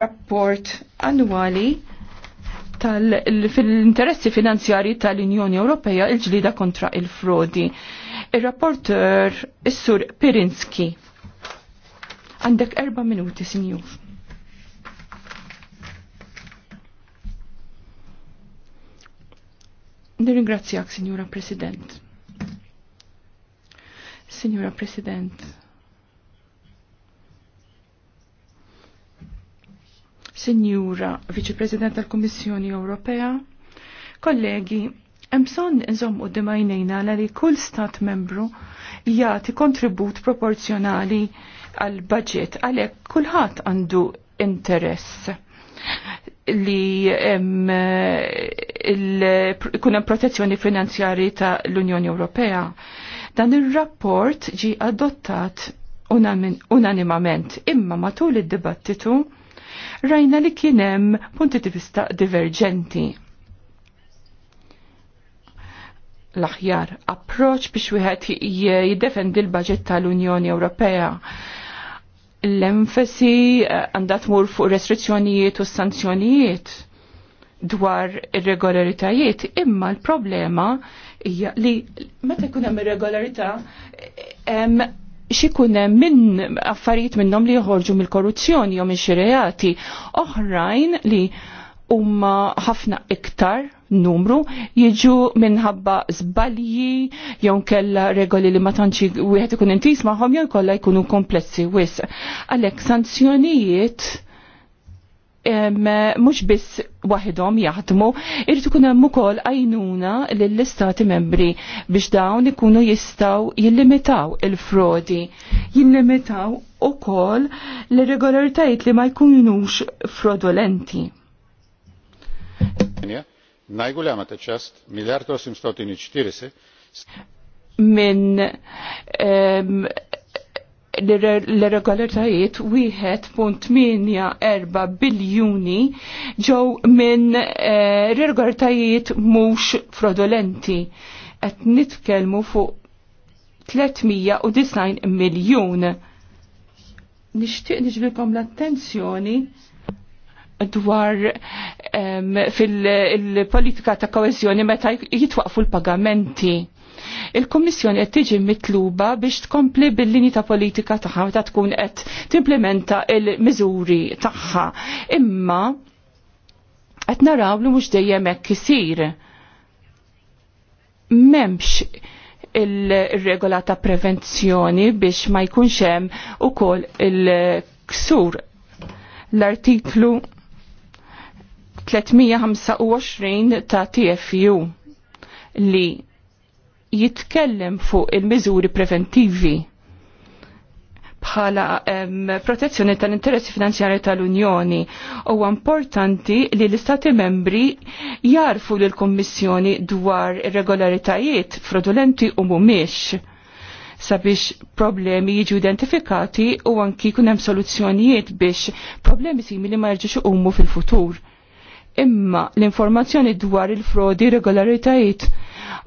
rapport annwali fil-interessi finanzjari tal-Unjoni Ewropea il-ġlida kontra il-frodi. Il-rapporter Issur Pirinski. Għandek erba minuti, sinjur. Nirringrazzjak, Signora President. Signora President. Sinjura Viċi President tal-Kummissjoni Ewropea, kollegi, Emson nżommu d-dimajnejna li kull stat membru jati kontribut proporzjonali għal budget għalek kullħat għandu interess li eh, kunem protezzjoni finanzjari ta' l-Unjoni Ewropea. Dan il-rapport ġi adottat unanimament imma matul id-dibattitu rajna li kienem punti di vista divergenti. L-aħjar approċ biex wieħed jiddefendi l-budget tal-Unjoni Ewropea l-enfasi eh, għandha tmur fuq restrizzjonijiet u sanzjonijiet dwar irregolaritajiet, imma l-problema hija li meta jkun hemm irregolarità eh, xikunem minn affarijiet minnom li joħorġu mill-korruzzjoni jew minn reati oħrajn li umma ħafna iktar numru jiġu minħabba zbalji jew kella regoli li ma tantx wieħed ikun intis magħhom jew kollha jkunu komplessi wisq. Għalhekk sanzjonijiet mhux biss waħedhom jaħdmu, irritu kuna hemm ukoll għajnuna lill-istati membri biex dawn ikunu jistgħu jillimitaw il-frodi, jillimitaw ukoll l-irregolaritajiet li ma jkunux frodolenti. għamata ċast, miljard 840 min l-irregolaritajiet 1.84 biljuni ġew minn eh, irregolaritajiet mhux frodolenti. Qed nitkellmu fuq 390 miljun. Nixtieq niġbilkom l-attenzjoni dwar fil-politika ta' koezjoni meta jitwaqfu l-pagamenti. Il-Kommissjoni qed tiġi mitluba biex tkompli bil-linji ta' politika tagħha meta tkun qed timplementa il-miżuri tagħha. Imma qed naraw li mhux dejjem hekk isir. M'hemmx il-regola ta' prevenzjoni biex ma jkunx hemm ukoll il-ksur l-artiklu 325 ta' TFU li jitkellem fuq il-miżuri preventivi bħala um, protezzjoni tal-interessi finanzjari tal-Unjoni. U importanti li l-Istati membri jarfu l-Kommissjoni dwar irregolaritajiet frodolenti u mumiex sabiex problemi jiġu identifikati u anki kunem soluzzjonijiet biex problemi simili ma jirġux umu fil-futur imma l-informazzjoni dwar il-frodi regolaritajiet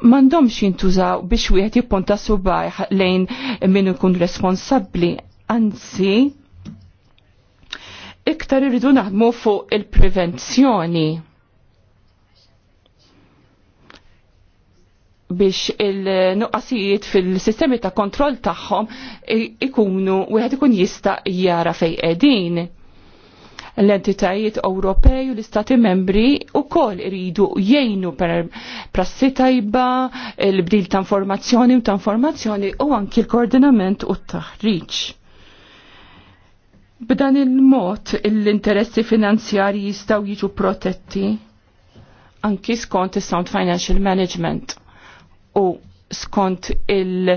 mandomx jintużaw biex wieħed jipponta subajħ lejn min ikun responsabbli. Anzi, iktar irridu naħdmu fuq il-prevenzjoni biex il-nuqqasijiet fil-sistemi ta' kontroll tagħhom ikunu wieħed ikun jista' jara fejn qegħdin L-entitajiet Ewropej u l-Istati membri u kol iridu jgħinu per prassi tajba, l-bdil ta' informazzjoni u ta' informazzjoni u anki l-koordinament u t-taħriġ. B'dan il-mod l-interessi finanzjari jistaw jiġu protetti anki skont il-Sound Financial Management u skont il-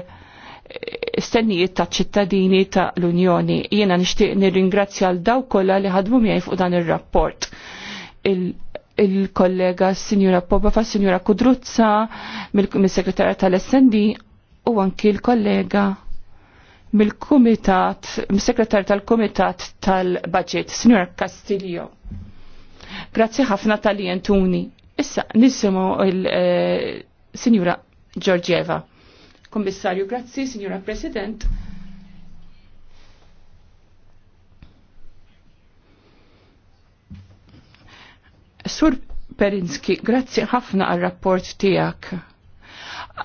istennijiet ta' ċittadini ta' l-Unjoni. Jiena nixtieq nirringrazzja għal daw kollha li ħadmu miegħi fuq dan ir-rapport. Il-kollega il Sinjura Pobafa, Sinjura Kudruzza, mill-Segretarja tal-SND u anki l-kollega mill-Kumitat, mill segretarja tal-Kumitat tal-Budget, Sinjura Castillo. Grazzi ħafna tal-jentuni. Issa nisimgħu il-Sinjura eh, Georgieva. Kommissarju, grazzi, Signora President. Sur Perinski, grazzi ħafna għal rapport tijak.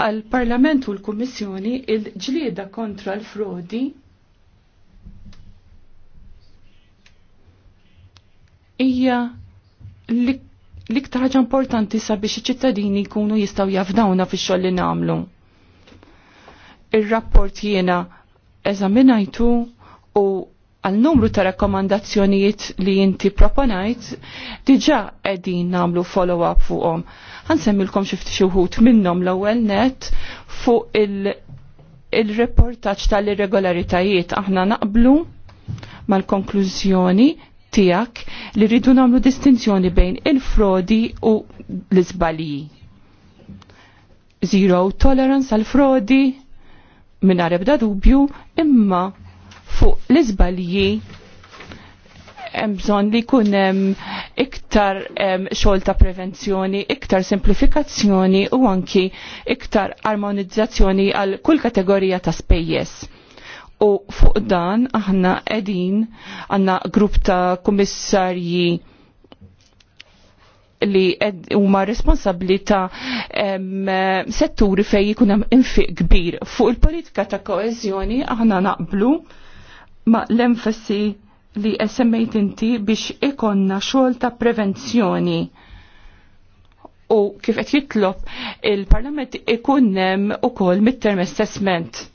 Għal Parlament u l-Kommissjoni il-ġlieda kontra l-frodi hija l-iktar ħaġa importanti sabiex iċ-ċittadini jkunu jistgħu jafdawna fix-xogħol li nagħmlu il-rapport jiena eżaminajtu u għal numru ta' rakkomandazzjonijiet li jinti proponajt, diġa edin namlu follow-up fuqom. semmilkom xifti xuħut minnom l-ewel net fuq il-reportaċ il tal-irregolaritajiet. Aħna naqblu mal-konklużjoni tijak li rridu namlu distinzjoni bejn il-frodi u l-izbaliji. Zero tolerance għal-frodi, minn ebda dubju imma fuq l-izbalji hemm bżonn li jkun hemm iktar xogħol ta' prevenzjoni, iktar simplifikazzjoni u anki iktar armonizzazzjoni għal kull kategorija ta' spejjeż. U fuq dan aħna qegħdin għandna grupp ta' kummissarji li huma responsabbli ta' setturi fej jkun hemm infiq kbir. Fuq il-politika ta' koeżjoni aħna naqblu ma' l-enfasi li semmejt inti biex ikonna xogħol ta' prevenzjoni u kif qed jitlob il-Parlament ikun hemm ukoll mid-term assessment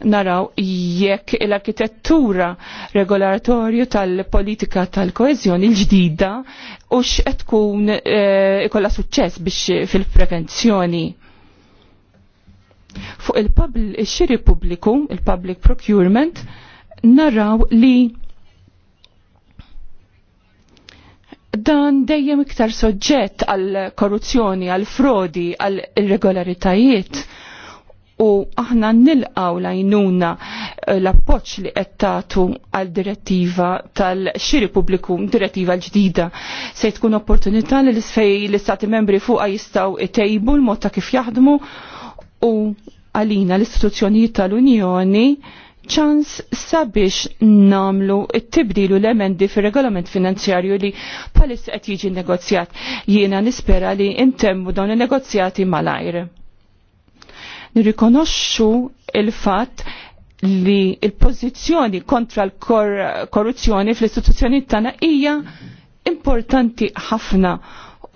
naraw jekk l-arkitettura regolatorju tal-politika tal-koezjoni l-ġdida u x tkun eh, ikolla e, suċċess biex fil-prevenzjoni. Fuq il-xiri publiku, pubbliku, il-public procurement, naraw li dan dejjem iktar soġġett għal korruzzjoni, għal frodi, għal irregolaritajiet u aħna nilqaw lajnuna eh, l-appoċ li qettatu għal direttiva tal-xiri pubbliku, direttiva l-ġdida. Se tkun opportunità li l-isfej l-istati membri fuqa jistaw it-tejbu l-mod ta' kif jaħdmu u għalina l-istituzzjonijiet tal-Unjoni ċans sabiex namlu it-tibdilu l-emendi fir regolament finanzjarju li palissa qed jiġi negozjat. Jiena nispera li intemmu dawn in-negozjati malajr nirrikonoxxu il-fatt li il-pozizjoni kontra l-korruzzjoni fl-istituzzjoni tagħna hija importanti ħafna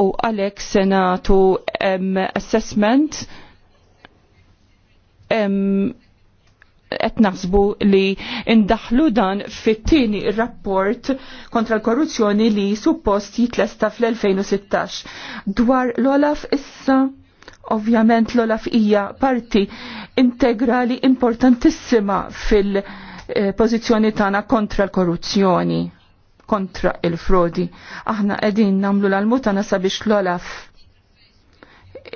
u għalhekk se nagħtu assessment qed naħsbu li indaħlu dan fit-tieni rapport kontra l-korruzzjoni li suppost jitlesta fl-2016. Dwar l-Olaf issa Ovvjament l-olaf hija parti integrali importantissima fil-pożizzjoni eh, tagħna kontra l-korruzzjoni, kontra il-frodi. Aħna qegħdin nagħmlu l-almutana sabiex l-olaf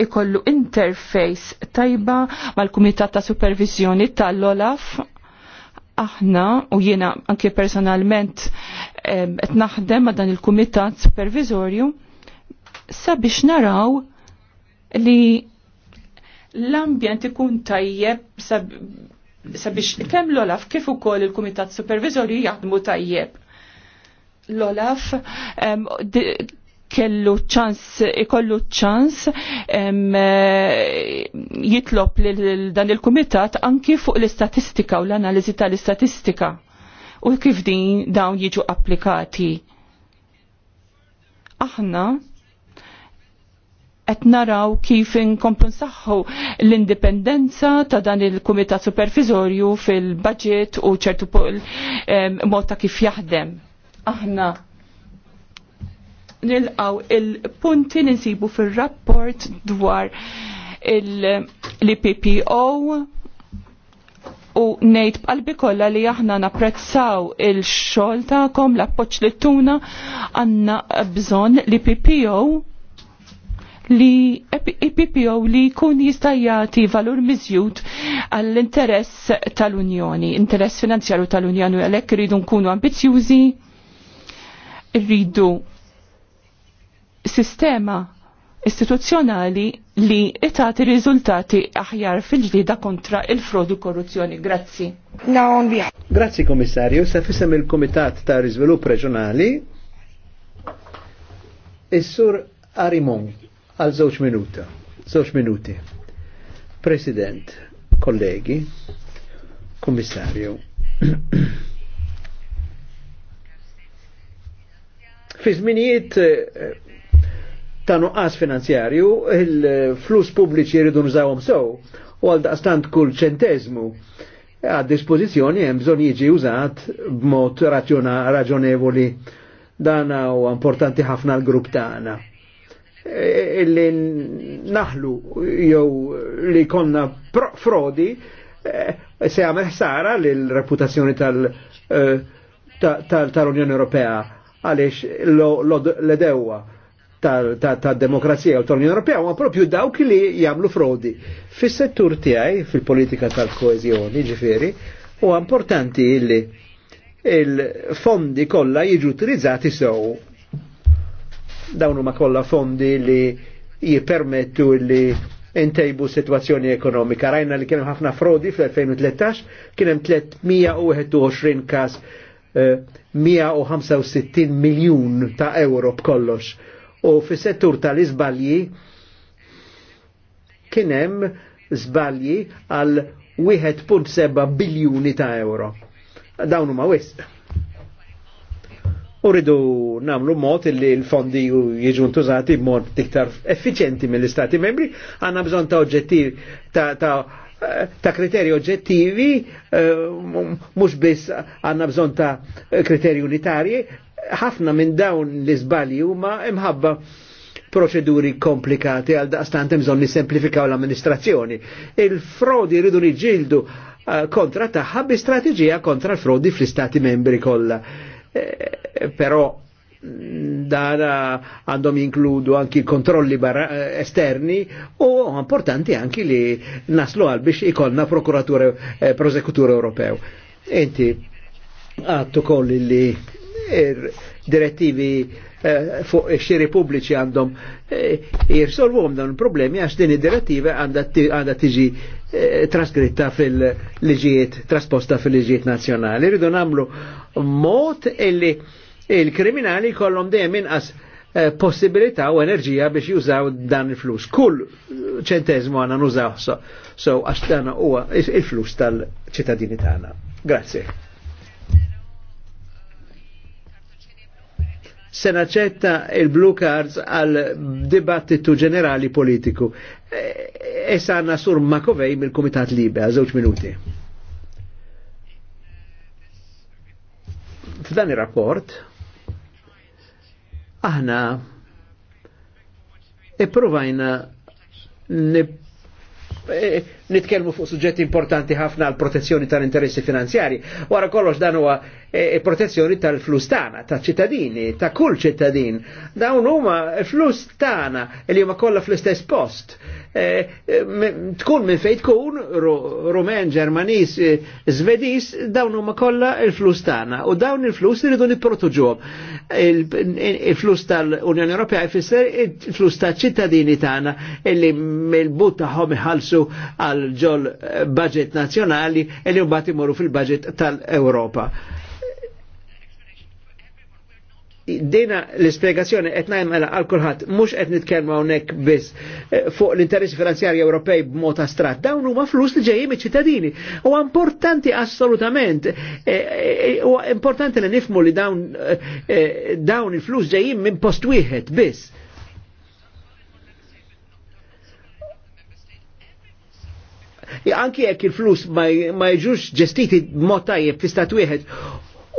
ikollu interface tajba mal-Kumitat ta' Supervizjoni tal-Olaf. Aħna u jiena anke personalment eh, qed naħdem ma' dan il-Kumitat Supervizorju sabiex naraw li l-ambjent ikun tajjeb sabiex kemm l-Olaf kif ukoll il-Kumitat Supervizorju jaħdmu tajjeb. L-Olaf kellu ċans, ikollu ċans jitlob li dan il-kumitat anki fuq l-istatistika u l-analizi tal-istatistika u kif din dawn jiġu applikati. Aħna qed naraw kif inkomplu nsaħħu l-indipendenza ta' dan il-Kumitat Supervizorju fil-budget u ċertu mod ta' kif jaħdem. Aħna nilqaw il-punti ninsibu fil-rapport dwar l-PPO u nejt b'qalbi kollha li aħna napprezzaw il-xogħol tagħkom l-appoġġ li tuna għandna bżonn li PPO li IPPO e li kun jista' jagħti valur miżjud għall-interess tal-Unjoni, interess finanzjaru tal-Unjoni għalhekk rridu nkunu ambizjuzi, rridu sistema istituzzjonali li itati riżultati aħjar fil ġdida kontra il-frodu korruzzjoni. Grazzi. Grazzi komissarju, sa fissem il-Komitat ta' Rizvilupp Reġjonali, Is-sur Arimon għal żewġ minuta. Żewġ minuti. President, kollegi, kommissarju. Fi żminijiet eh, ta' nuqqas finanzjarju, il-flus pubbliċi jridu nżawhom sew u għal daqstant kull ċentezmu għad dispożizzjoni hemm bżonn jiġi użat b'mod raġonevoli. Dan u importanti ħafna l-grupp tagħna Eh, illi naħlu jew li konna frodi eh, se għamel ħsara l-reputazzjoni eh, tal-Unjoni Ewropea għaliex l-edewa tal-demokrazija u tal-Unjoni Ewropea ma propju dawk li jagħmlu frodi. Fis-settur tiegħi fil-politika tal koezjoni ġifieri huwa importanti li il-fondi kollha jiġu utilizzati sew Dawn huma kollha fondi li jipermettu li intejbu situazzjoni ekonomika. Rajna li kienem ħafna frodi fl-2013, kienem 321 kas, 165 eh, miljun ta' euro b'kollox. U fis settur tal-izbalji kienem zbalji għal 1.7 biljuni ta' euro. Dawnu ma' wisq u rridu namlu mod li l-fondi jiġu ntużati b'mod iktar effiċenti mill-Istati membri, għanna bżon ta' oġġettiv ta', ta eh, ta' kriteri oġġettivi, eh, mux biss għanna bżon ta' kriteri unitarji, ħafna minn dawn li zbali huma imħabba proċeduri komplikati għal daqstant bżon nisemplifikaw l-amministrazzjoni. Il-frodi rridu niġildu eh, kontra taħħa bi strategija kontra l-frodi fl-istati membri kollha Eh, però dana għandhom jinkludu anki kontrolli eh, esterni u importanti anki li naslu għal biex ikolna prokuratura eh, prosekutur Ewropew. Enti għattu kolli li er direttivi eh, fuq xiri pubbliċi għandhom eh, jirsolvu għom dan il-problemi għax din id-direttiva għandha tiġi Eh, traskritta fil-liġijiet, trasposta fil-liġijiet nazjonali. Rridu namlu mod illi il-kriminali kollom dejjem inqas eh, possibilità u enerġija biex jużaw dan il-flus. Kull ċentezmu għana nużaw so, so għax dan huwa il-flus tal-ċittadini tagħna. Grazie. se naċetta il-blue cards għal dibattitu ġenerali politiku. E, e sanna sur Makovej mill-Komitat Libe, għal minuti. F'dan il rapport aħna e provajna ne e Nitkelmu fuq suġġetti importanti ħafna għal protezzjoni tal-interessi finanzjari. Wara kollox dan huwa e, e, protezzjoni tal-flus tagħna, ta' ċittadini, ta' kull ċittadin. Dawn huma flus tagħna li huma kollha fl-istess post. E, e, tkun minn fejn tkun, Rumen, Ġermanis, e, Zvedis, dawn huma kollha il-flus tagħna u dawn il-flus iridu nipprotuġuhom. Il-flus tal-Unjoni Ewropea jfisser il-flus tal-ċittadini tagħna illi mill-but tagħhom iħallsu għal ġol eh, budget nazjonali e li mbagħad imorru fil-budget tal-Ewropa. Dina l-ispiegazzjoni qed ngħidmela għal kulħadd mhux qed nitkellmu hawnhekk biss eh, fuq l-interessi finanzjarji Ewropej b'mod astrat. Dawn huma flus li ġejjin miċ-ċittadini. Huwa importanti assolutament. Eh, huwa importanti li nifmu li dawn il-flus ġejjin minn post wieħed biss anki jekk il-flus ma jġux ġestiti mod tajjeb fi stat wieħed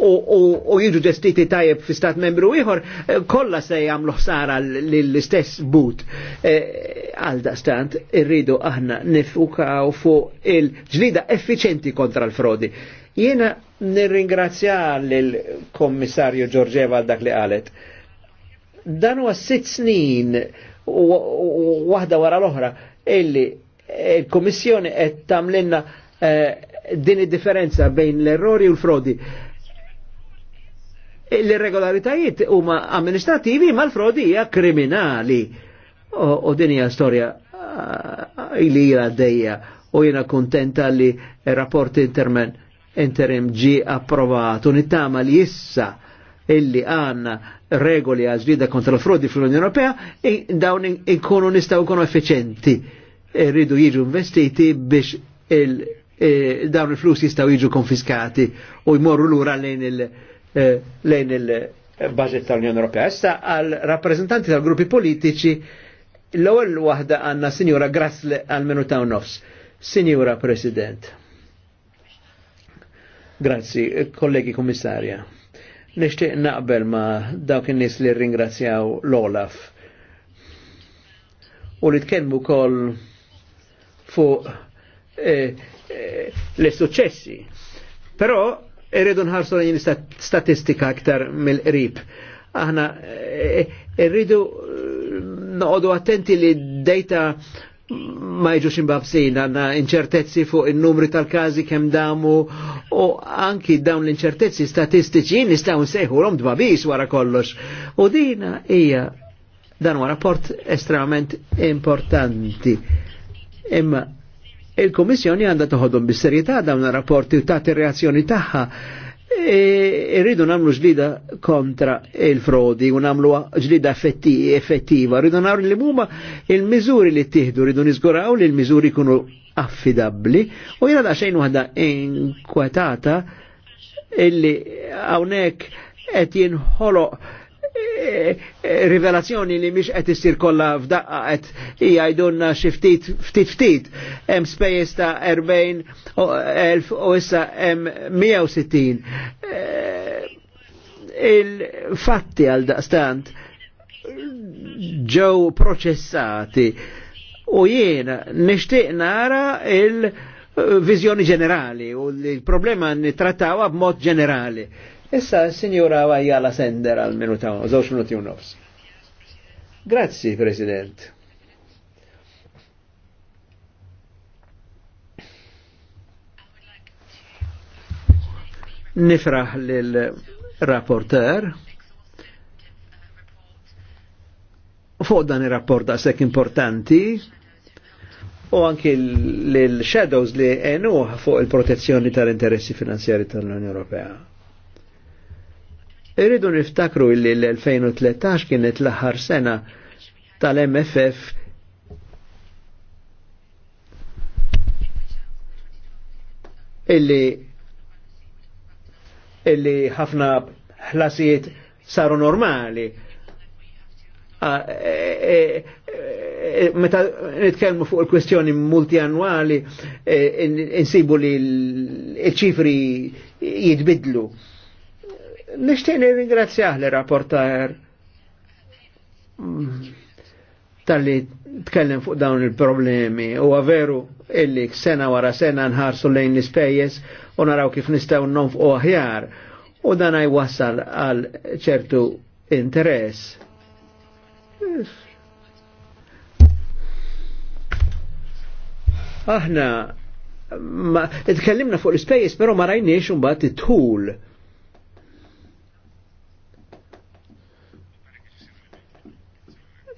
u jiġu ġestiti tajjeb fi stat membru ieħor, eh, kollha se jagħmlu ħsara l-istess but. Eh, għal daqstant irridu aħna nifukaw fuq il-ġlida effiċenti kontra l-frodi. Jiena nirringrazzja l-Kommissarju Giorgeva għal dak li qalet. Dan huwa sitt snin waħda wara l-oħra illi il-Komissjoni qed tamlinna eh, din id-differenza bejn l-errori u l-frodi. E l-irregolaritajiet huma amministrativi ma l-frodi hija kriminali. U din hija storja eh, li hija dejja u jiena kuntenta li rapport intermen interim ġi approvat u nittama li issa illi għanna regoli għal ġlida kontra l-frodi fl-Unjoni Ewropea, dawn ikunu nistaw kunu effiċenti rridu jiġu investiti biex il, e, dawn il-flus jistaw jiġu konfiskati u jmorru lura lejn il-budget il e, tal-Unjoni Ewropea. Issa għal rappresentanti tal-gruppi politiċi l-ewwel waħda għandna Sinjura Grassle għal menu ta' nofs. Sinjura President. Grazzi, kollegi kommissarja. Nishtiq naqbel ma dawk in-nies li ringrazzjaw l-Olaf u li tkellmu kol fuq eh, eh, le successi. Però irridu nħarsu l statistika aktar mill-qrib. Aħna eh, irridu eh, noqogħdu attenti li data ma jġux imbabsin, għanna inċertezzi fuq il-numri tal-kazi kem damu u anki dawn l-inċertezzi statistiċi nistaw nsejħu l-om dbabis wara kollox. U dina hija dan wara rapport estremament importanti Imma il-Komissjoni għandha toħodhom bis-serjetà dawn rapporti u tagħti reazzjoni tagħha. E, irridu nagħmlu ġlida kontra il-frodi u nagħmlu ġlida effettiva. Rridu nagħmlu li muma il-miżuri li tieħdu, rridu niżguraw li l-miżuri kunu affidabbli. u jiena da xejn waħda inkwetata illi hawnhekk qed jinħoloq rivelazzjoni li miex qed issir kollha f'daqqa qed jgħidulna xi ftit ftit ftit hemm spejjeż ta' 40 u issa hemm 160. Eh, il-fatti għal daqstant ġew proċessati u jiena nixtieq nara il- eh, viżjoni ġenerali u l-problema nittrattawha b'mod ġenerali. Issa, signora Wajala Sender għal minuta, zawx minuti un nofs. Grazzi, President. Nifraħ l-rapporter fuq dan il-rapport da sekk importanti u anki l-shadows li enuħ fuq il-protezzjoni tal-interessi finanzjari tal-Unjoni Ewropea. Irridu niftakru illi l-2013 kienet l-aħħar sena tal-MFF illi illi ħafna ħlasijiet saru normali. E, e, e, meta nitkellmu fuq il-kwestjoni multianwali, insibu li l-ċifri jitbidlu. Nishtiqni ringrazzjah li rapportajer tal-li tkellem fuq dawn il-problemi u għaveru illi sena wara sena nħarsu lejn l-ispejjes u naraw kif nistaw non fuq aħjar u dan wassal għal ċertu interess. Aħna, ma, tkellimna fuq l-ispejjes, pero ma rajniex un bat it-tul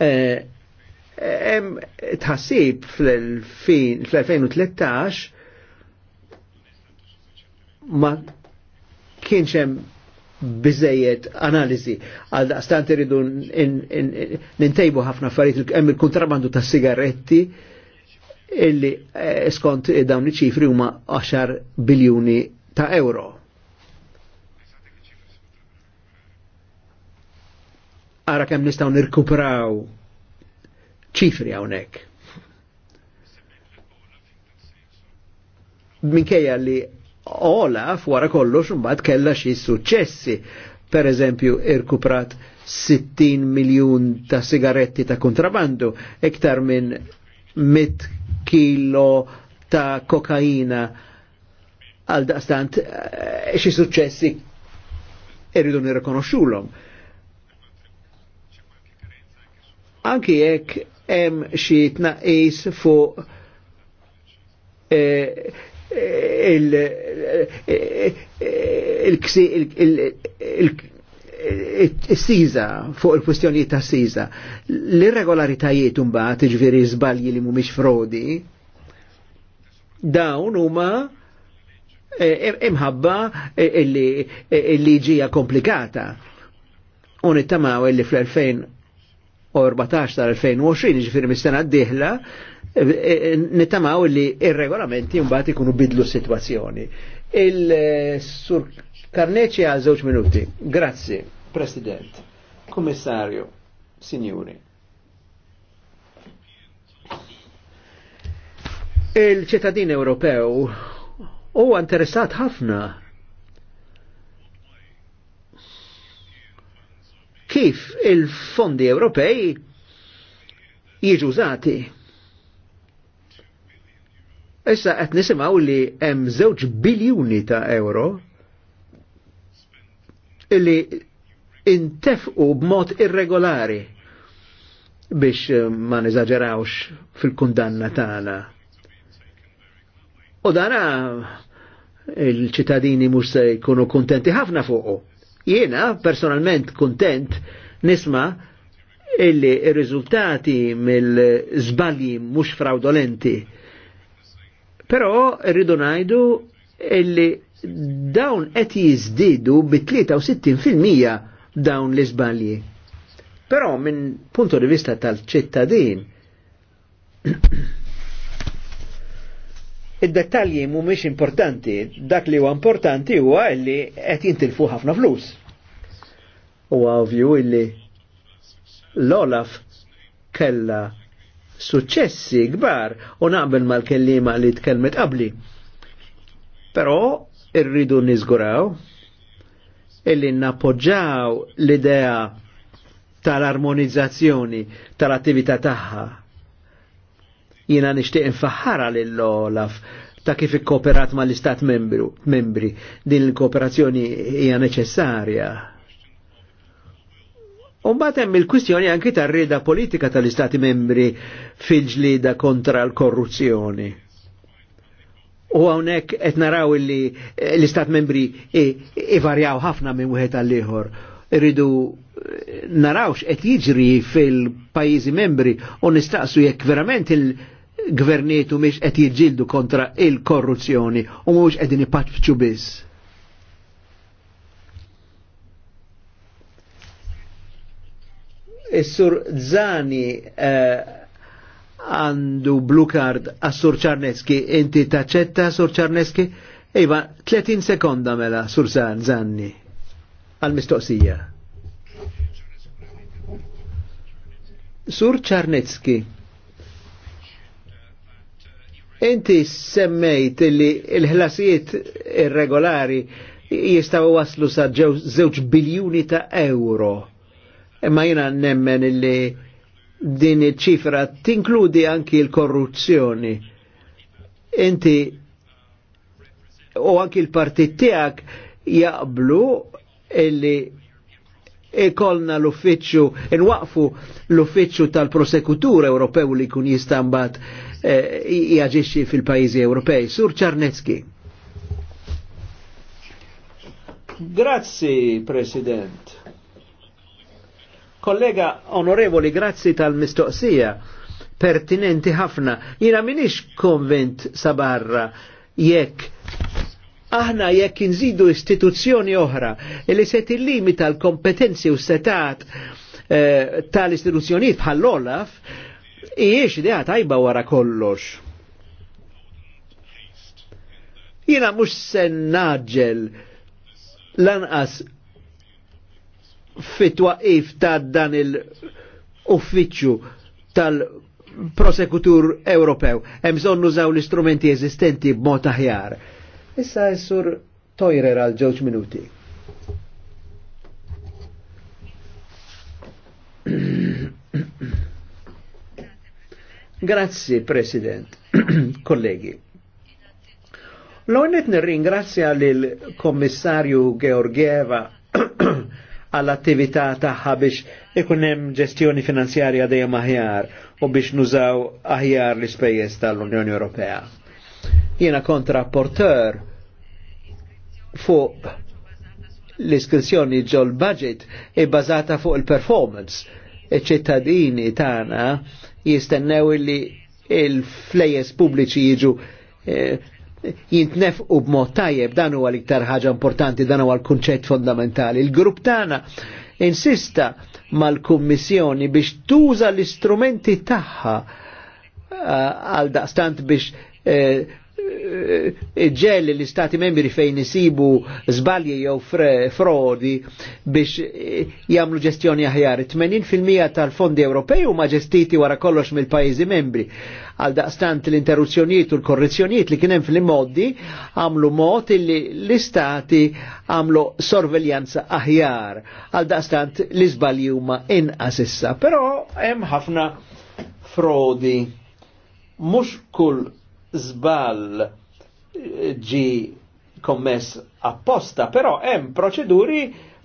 Hemm tħassib fl-2013 ma kienx hemm biżejjed analiżi għal daqstant iridu nintejbu ħafna affarijiet hemm il-kontrabandu ta' sigaretti illi skont dawn iċ-ċifri huma 10 biljuni ta' euro. ara kem nistaw nirkupraw ċifri għonek. Minkejja li Olaf wara kollox mbagħad kella xi suċċessi. Per eżempju, irkuprat 60 miljun ta' sigaretti ta' kontrabandu, iktar minn 100 kilo ta' kokaina għal daqstant eh, xi suċċessi irridu nirrikonoxxulhom. anki jek hemm xi tnaqqis fuq eh, eh, il-siza eh, fuq il kwistjonijiet ta' siza. L-irregolaritajiet mbagħad iġifieri żbalji li mhumiex frodi dawn huma imħabba il-liġija komplikata. Unittamaw li fl-2000 14 tal-2020, ġifiri mis-sena d-dihla, e, e, nittamaw li il-regolamenti mbagħad ikunu bidlu situazzjoni. Il-sur Karneċi għal żewġ minuti. Grazzi, President, Kommissarju, Signori. Il-ċittadin Ewropew huwa interessat ħafna kif il-fondi Ewropej jiġu użati. Issa qed nisimgħu li hemm żewġ biljuni ta' euro illi intefqu b'mod irregolari biex eh, ma niżaġerawx fil-kundanna tagħna. U dana il-ċittadini mhux se jkunu kuntenti ħafna fuqu. Jiena personalment kontent nisma illi il-riżultati mill-żbalji mhux fraudolenti. Però rridu ngħidu illi dawn qed jiżdiedu bi 63% dawn l-iżbalji. Però minn punto di vista tal-ċittadin Id-dettalji mhumiex importanti, dak li huwa importanti huwa li qed jintilfu ħafna flus. Huwa għavju illi l-Olaf kella successi gbar u naqbel mal-kellima li tkellmet qabli. Però irridu nizguraw illi nappoġġaw l-idea tal-armonizzazzjoni tal-attività tagħha Jina nishtiq infaħħara lill-Olaf ta' kif ikkooperat ma' l-Istat membri. Din il-kooperazzjoni hija neċessarja. Umbat hemm il-kwistjoni anki tar-rieda politika tal-Istati membri fil-ġlida kontra l-korruzzjoni. U hawnhekk qed naraw li eh, l-Istat membri ivarjaw ħafna minn wieħed għal ieħor. Irridu eh, narawx qed jiġri fil-pajjiżi membri u nistaqsu jekk verament il- gvernietu miex qed jiġildu kontra il-korruzzjoni u mhux qegħdin ipaċċu biss. Is-sur Zani eh, għandu uh, blue card għas-sur Czarneski, inti taċċetta sur Czarneski? Iva, 30 sekonda mela sur Zanni għal-mistoqsija. Sur Czarnecki, Inti semmejt li l-ħlasijiet irregolari jistaw waslu sa' żewġ biljuni ta' euro. Imma jina nemmen li din iċ-ċifra tinkludi anki l-korruzzjoni. Inti u anki l-partit tiegħek jaqblu illi ikolna l-uffiċċju, inwaqfu l-uffiċċju tal-prosekutur Ewropew li kun jistambat jagġiċi eh, fil pajizi Ewropej. Sur Czarnecki. Grazzi, President. Kollega onorevoli, grazzi tal-mistoqsija pertinenti ħafna. Jina minix konvent sabarra jekk aħna jekk inżidu istituzzjoni oħra li se tillimita l-kompetenzi u setat eh, tal-istituzzjonijiet bħall-Olaf, Iex idea tajba wara kollox. Jina mux naġel lanqas fit-twaqif ta' dan il-uffiċċju tal-prosekutur Ewropew. Hemm bżonn nużaw l-istrumenti eżistenti b'mod aħjar. Issa jessur tojrer għal ġewġ minuti. Grazzi, President, kollegi. L-għonet nirringrazzja l-Kommissarju Georgieva għall-attività taħħa biex ikunem ġestjoni finanzjarja dejjem aħjar u biex nużaw aħjar l-ispejjeż tal-Unjoni Ewropea. Jiena kontra porter fuq l-iskrizzjoni ġol budget e bazata fuq il-performance. e ċittadini tana jistennew illi il-flejes pubbliċi jiġu eh, jintnef u b'mod tajjeb dan huwa l-iktar ħaġa importanti dan huwa l-kunċett fondamentali. Il-grupp tagħna insista mal-Kummissjoni biex tuża l-istrumenti tagħha eh, għal daqstant biex eh, Eh, eh, ġell l-istati membri fejn isibu zbalji jew frodi biex eh, jamlu ġestjoni aħjar. 80% tal-fondi Ewropej huma ġestiti wara kollox mill-pajjiżi membri. Għal daqstant l-interruzzjonijiet u l-korrezzjonijiet li kienem fil-moddi għamlu mod li l-istati għamlu sorveljanza aħjar. Għal daqstant l-izbalji huma inqas issa. Però hemm ħafna frodi. Mhux kull zbal ġi kommess apposta, però hemm proċeduri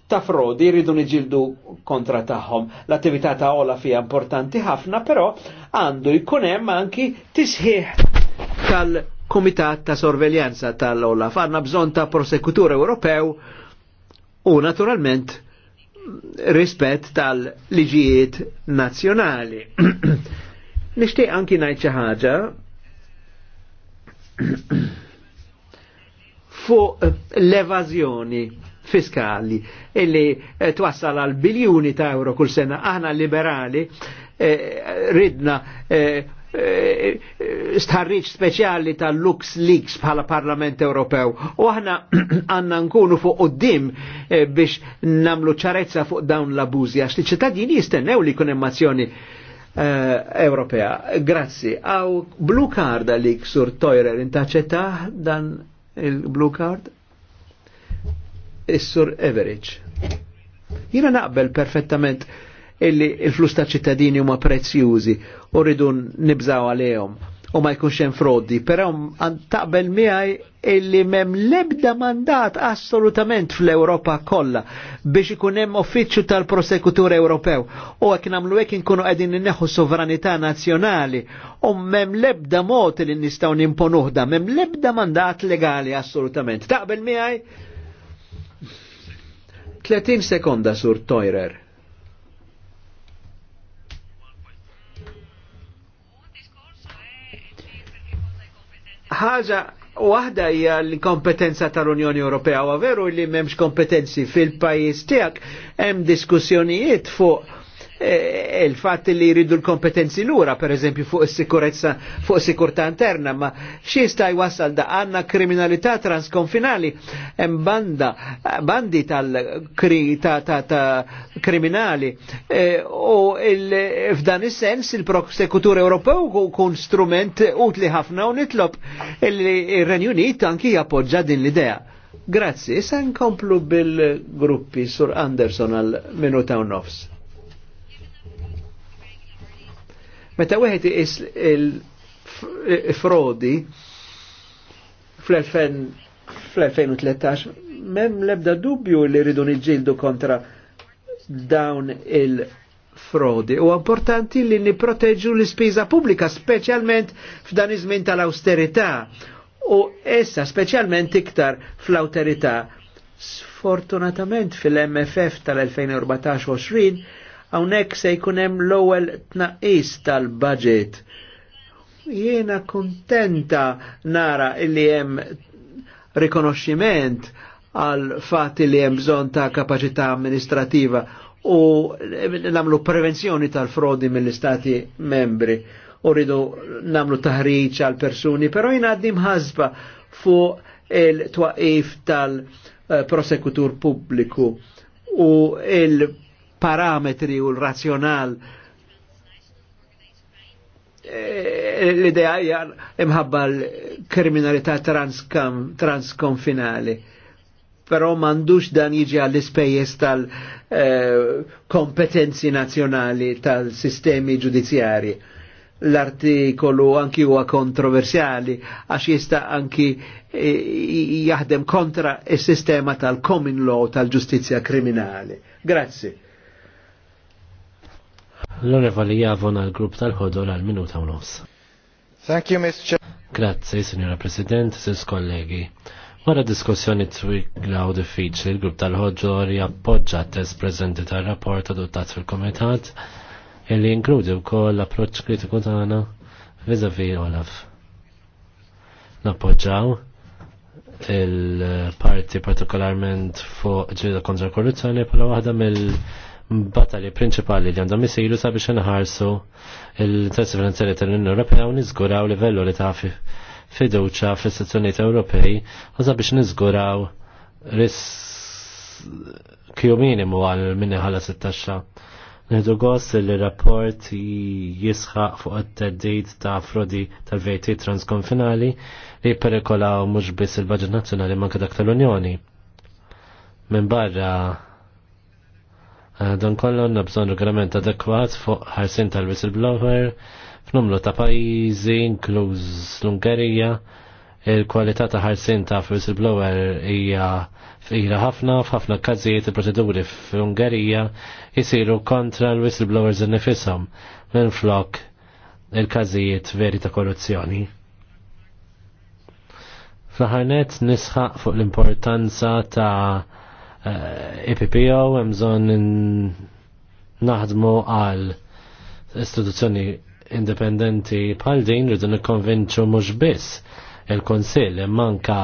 ta' frodi rridu niġildu kontra tagħhom. L-attività ta' ola fija importanti ħafna, però għandu jkun hemm anki tisħiħ tal-Komitat ta' Sorveljanza tal-Ola. Fanna bżon ta' prosekutur Ewropew u naturalment rispett tal-liġijiet nazzjonali. Nixtieq anki ngħid xi ħaġa fuq eh, l-evazjoni fiskali illi eh, twassal għal biljuni ta' euro kull sena. Aħna liberali eh, ridna eh, starriċ speċjali tal Lux Leaks bħala Parlament Ewropew. U aħna għanna nkunu fuq qoddim biex namlu ċarezza fuq dawn l abuzi għax li ċittadini jistennew li kun mazzjoni. Eh, Ewropea. Grazzi. Aw blue card għalik sur Toirer, intaċċetta dan il-blue card? Is-sur Everidge. Jina naqbel perfettament illi il-flus ta' ċittadini huma prezzjużi u rridu nibżaw għalihom u ma jkunx hemm frodi, però taqbel miegħi illi m'hemm lebda mandat assolutament fl-Ewropa kollha biex ikun hemm uffiċċju tal-Prosekutur Ewropew u hekk nagħmlu hekk inkunu qegħdin inneħħu sovranità nazzjonali u m'hemm lebda mod li nistgħu nimponuħda, m'hemm lebda mandat legali assolutament. Taqbel miegħi 30 sekonda sur Toirer. ħaġa waħda hija l-kompetenza tal-Unjoni Ewropea, u veru li m'hemmx kompetenzi fil-pajjiż tiegħek hemm diskussjonijiet fuq E, e, il-fatt li jridu l-kompetenzi lura, per eżempju, fuq sikurezza, fuq sikurta interna, ma xista jwassal da għanna kriminalità transkonfinali, hemm banda, bandi tal-kriminali, ta, ta, ta, e, u f'dan is-sens il-prosekutur Ewropew kun strument utli ħafna u nitlob il-Renju Unit anki jappoġġa din l-idea. Grazzi, issa nkomplu bil-gruppi sur Anderson għal minuta u nofs. Meta wieħed is il-frodi fl-2013 mem lebda dubju li rridu niġġieldu kontra dawn il-frodi. U importanti li niproteġu l-ispiża pubblika, speċjalment f'dan iż-żmien tal awsterità U essa speċjalment iktar fl awterità Sfortunatament fil-MFF tal-2014-20 Hawnhekk se jkun hemm l-ewwel tnaqis tal-budget. Jiena kuntenta nara illi hemm rikonoximent għal fatti li hemm bżonn ta' kapaċità amministrativa u namlu prevenzjoni tal-frodi mill-istati membri u rridu namlu taħriċ għal persuni, pero jina għaddim ħazba fuq il-twaqif tal-prosekutur pubbliku u il parametri u l-razzjonal e, l-idea hija imħabba l-kriminalità transkonfinali. Però m'andux dan jiġi għall-ispejjeż tal-kompetenzi e, nazzjonali tal-sistemi ġudizzjari. L-artikolu anki huwa kontroversjali għax jista' anki e, jaħdem kontra is-sistema tal-common law tal-ġustizzja kriminali. Grazzi. L-onorevoli Javon għal-grupp tal ħodur għal-minuta u nofs. Thank you, Mr. Chair. Grazie, Signora President, sis kollegi. Wara diskussjoni twiglaw u diffiċli, l grupp tal-ħodġor jappoġġa test prezenti tal-rapport adottat fil-komitat illi inkludi wkoll l-approċċ kritiku tagħna vizavi Olaf. Nappoġġaw il-parti partikolarment fuq ġrida kontra korruzzjoni bħala waħda mill- batali prinċipali li għandhom isilu sabiex nħarsu l-interessi finanzjari tal-Unjoni Ewropea u niżguraw livellu li ta' fiduċa fl istituzzjonijiet Ewropej u sabiex niżguraw riskju minimu għal minni ħala 16. Nħidu gost li rapport jisħaq fuq it-teddid ta' frodi tal vejti transkonfinali li perikolaw mhux biss il-Baġit Nazzjonali manka dak tal-Unjoni. Minn barra Eh, dan kollu għanna bżon regolament adekwat fuq ħarsin tal-whistleblower f'numru ta' pajjiżi inkluż l-Ungerija. Il-kwalità ta' ħarsin ta' whistleblower hija fira ħafna f'ħafna każijiet il-proċeduri fl-Ungerija jisiru kontra l-whistleblowers nifisom minn flok il-każijiet veri ta' korruzzjoni. Fl-ħarnet nisħaq fuq l-importanza ta' EPPO eh, e hemm bżonn naħdmu għal istituzzjoni indipendenti bħal din rridu nikkonvinċu mhux biss il kunsill manka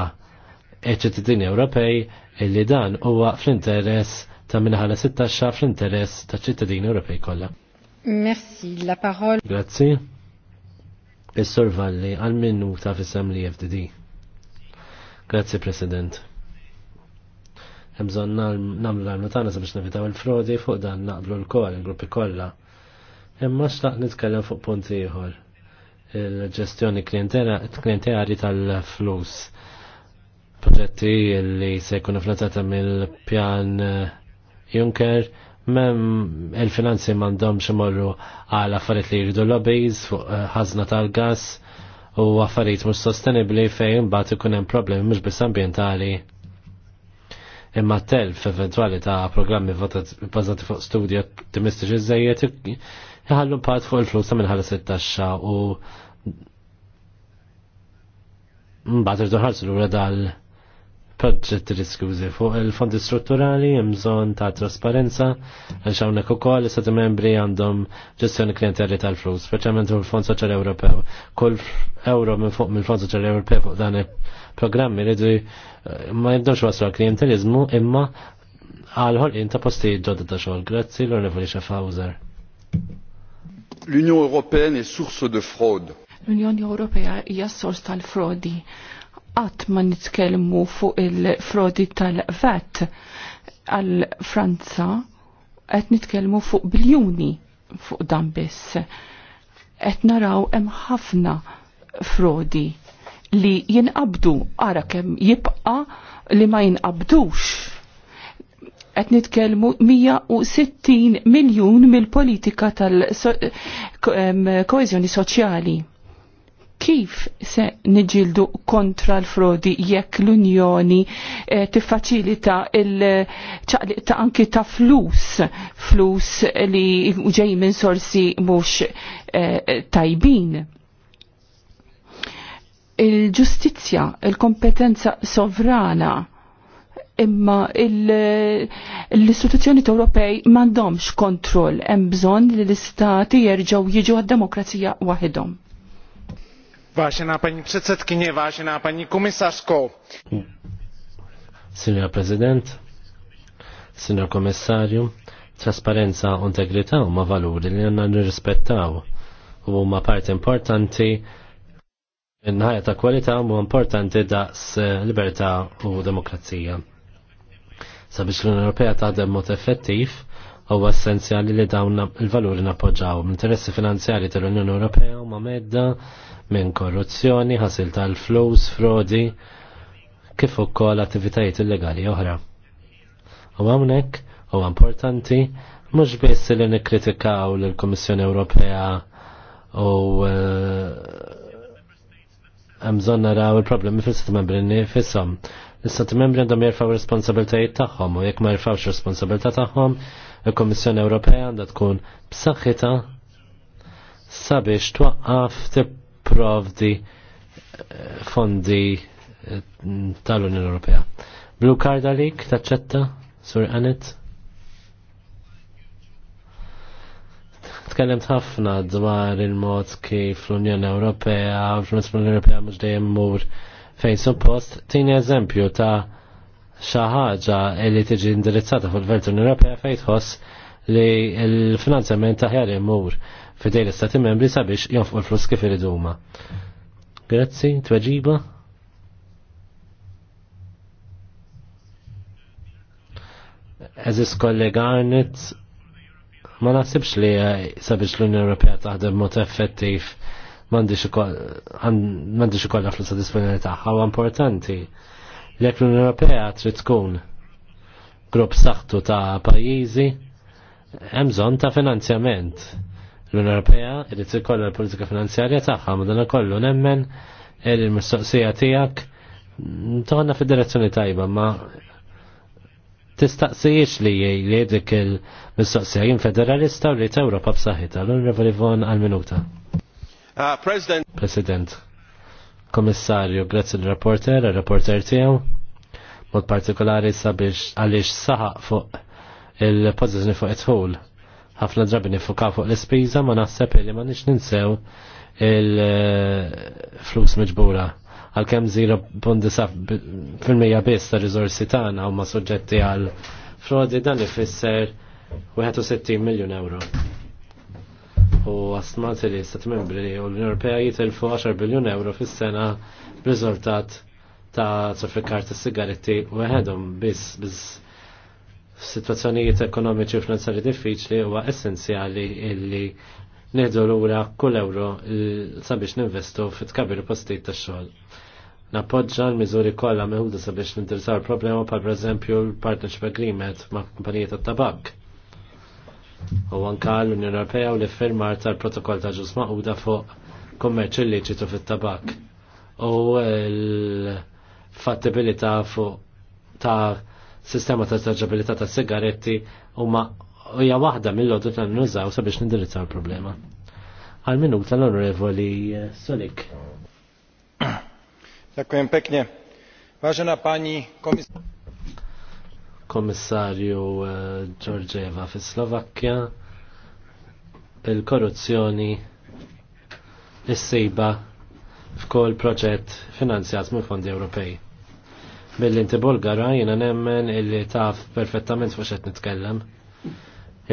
iċ-ċittadini Ewropej illi dan huwa fl-interess ta' minħala 16 fl-interess ta' ċittadini Ewropej kollha. Merci, la parole. Grazzi. Is-Sur Valli għal minuta fis semli li FDD. Grazzi President. Hemżon namlu l-armutana sabiex nevitaw il-frodi fuq dan naqblu l koll il-gruppi kollha. Imma xtaq nitkellem fuq punti ieħor. Il-ġestjoni klientari tal-flus. Proġetti li se jkunu finanzjata mill-pjan eh, Juncker mem il-finanzi mandom ximorru għal affarijiet li jridu lobbies fuq eh, ħazna tal-gas u affarijiet mhux sostenibbli fejn bat ikun hemm problemi mux biss ambjentali imma telf eventuali ta' programmi bazzati fuq studji optimistiċi żejjed jħallu part fuq il-flus ta' minnħal 16 u mbagħad irdu ħarsu lura dal- proġetti skużi fuq il-fondi strutturali hemm bżonn ta' trasparenza għal hawnhekk ukoll is membri għandhom ġestjoni klienterji tal-flus, speċjalment fuq il-Fond Soċjali Ewropew. Kull euro minn fuq mill-Fond Soċjali Ewropew fuq dan il-programmi ridu eh, ma jibdewx waslu klientelizmu imma għal ta' postijiet ġodda ta' xogħol. Grazzi l-Onorevoli Schaffhauser. L-Unjoni Ewropea source de fraude. L-Unjoni Ewropea hija sors tal-frodi qatt ma nitkellmu fuq il-frodi tal vet għal Franza qed nitkellmu fuq biljuni fuq dan biss. Qed naraw hemm ħafna frodi li jinqabdu ara kemm jibqa li ma jinqabdux. Qed nitkellmu 160 miljun mill-politika tal koezjoni soċjali kif se niġildu kontra l-frodi jekk l-Unjoni eh, tiffaċilita il ta' anki ta' flus, flus li ġej minn sorsi mhux eh, tajbin. Il-ġustizzja, il-kompetenza sovrana, imma l-istituzzjoni Ewropej m'għandhomx kontroll hemm bżonn li l-istati jerġgħu jiġu għad-demokrazija waħedhom. Vážená paní předsedkyně, vážená paní komisařko. Signor President, Signor Komissarju, trasparenza u integrità huma valuri li għandna nirrispettaw u huma parti importanti in-ħajja ta' kwalità huma importanti daqs eh, libertà u demokrazija. Sabiex l-Unjoni Ewropea taħdem mod effettiv, huwa essenzjali li dawn il-valuri nappoġġaw. L-interessi finanzjari tal-Unjoni Ewropea huma medda minn korruzzjoni, ħasil tal-flus, frodi, kif ukoll attivitajiet illegali oħra. U hawnhekk huwa importanti mhux biss li nikkritikaw lill kummissjoni Ewropea u eh, hemm bżonn naraw il-problemi fil-Stati Membri nifisom. L-Stati Membri għandhom jerfgħu responsabiltajiet tagħhom u jekk ma jerfawx responsabilità tagħhom, il kummissjoni Ewropea għandha tkun b'saħħitha sabiex twaqqaf tip provdi eh, fondi eh, tal-Unjoni Ewropea. Blue card għalik, taċċetta, sur Anet? Tkellem ħafna dwar il-mod kif l-Unjoni Ewropea, l-Unjoni Ewropea, mux mhux dejjem mur fejn suppost. Tini eżempju ta' xi ħaġa li tiġi indirizzata fuq il Unjoni Ewropea fejn tħoss li l-finanzjament taħjar imur. mur fidej l-istati membri sabiex jonfqu l-flus kif iriduma. Grazzi, tweġiba. Eżis kollega Arnett, ma nasibx li eh, sabiex l-Unjoni Ewropea taħdem mod effettiv m'għandix ikollha flus disponibbli tagħha huwa importanti. Jekk l-Unjoni Ewropea trid tkun grupp saħħtu ta' pajjiżi, hemm bżonn ta' finanzjament L-Unjoni Ewropea irid ikollha l-politika finanzjarja tagħha madana kollu nemmen il-mistoqsija tiegħek toħna fid-direzzjoni tajba ma tistaqsijiex li jgħidik il-mistoqsija jien federalista u li Ewropa b'saħħitha. L-Onorevoli Von għal-minuta. Uh, President. President. Komissarju, grazzi l-rapporter, l-rapporter tiegħu. Mod partikolari sabiex għaliex saħaq fuq il-pożizzjoni fuq it-ħul ħafna drabi nifukaw fuq l-ispiża ma naħseb li ma nix ninsew il-flus miġbura. Għal-kem 0.7% biss ta' rizorsi tagħna huma suġġetti għal frodi dan ifisser 61 miljun euro. U għasmat li stat membri u l-Unjoni Ewropea jitilfu 10 biljun euro fis-sena b'riżultat ta' traffikar ta' sigaretti u għedhom biss bis situazzjonijiet ekonomiċi u finanzjarji diffiċli huwa essenzjali illi nedu lura kull euro eh, sabiex ninvestu fit kabir postijiet ta' xogħol. Nappoġġa l-miżuri kollha meħuda sabiex nindirsaw il-problema par eżempju l-partnership agreement ma' kumpanija tat-tabak. U anka l-Unjoni Ewropea u l-iffirmar tal-protokoll ta' ġus maħuda fuq kummerċ illiċitu fit-tabak u l-fattibilità fuq ta' sistema ta' traġabilità ta' sigaretti huma hija waħda mill ta' n nużaw sabiex nindirizzaw il-problema. Għal minut tal-onorevoli Solik. Dziękuję pięknie. Ważna pani komisarz. Komissarju eh, Georgieva fis Slovakkja il-korruzzjoni is-sejba f'kol proġett finanzjat mill-Fondi Ewropej Mill-inti Bulgara jina nemmen illi taf perfettament fuq xed nitkellem.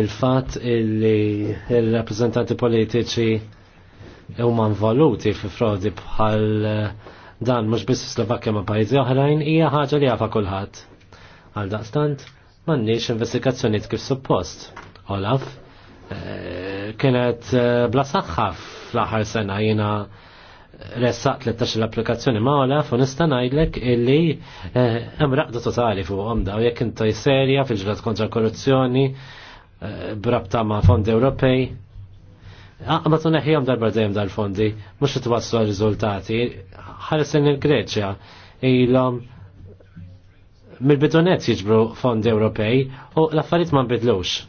Il-fat illi il-rappresentanti politiċi huma involuti fi frodi bħal eh, dan mhux biss Slovakkja ma' pajjiżi oħrajn hija ħaġa li jafa kulħadd. Għal daqstant m'għandniex investigazzjonijiet kif suppost. Olaf eh, kienet eh, bla saħħa fl-aħħar sena jiena ressaq 13 l-applikazzjoni ma' Olaf u nista' ngħidlek illi eh, hemm totali fuqhom għomda u jekk inta jiserja fil-ġrat kontra korruzzjoni eh, brabta ma' fondi Ewropej. Ma tu neħjom darba dejjem dal-fondi, mux t-wassu għal-rizultati. Ħarisen il-Greċja, il-lom mill-bidonet jiġbru fondi Ewropej u l-affarijiet ma nbidlux.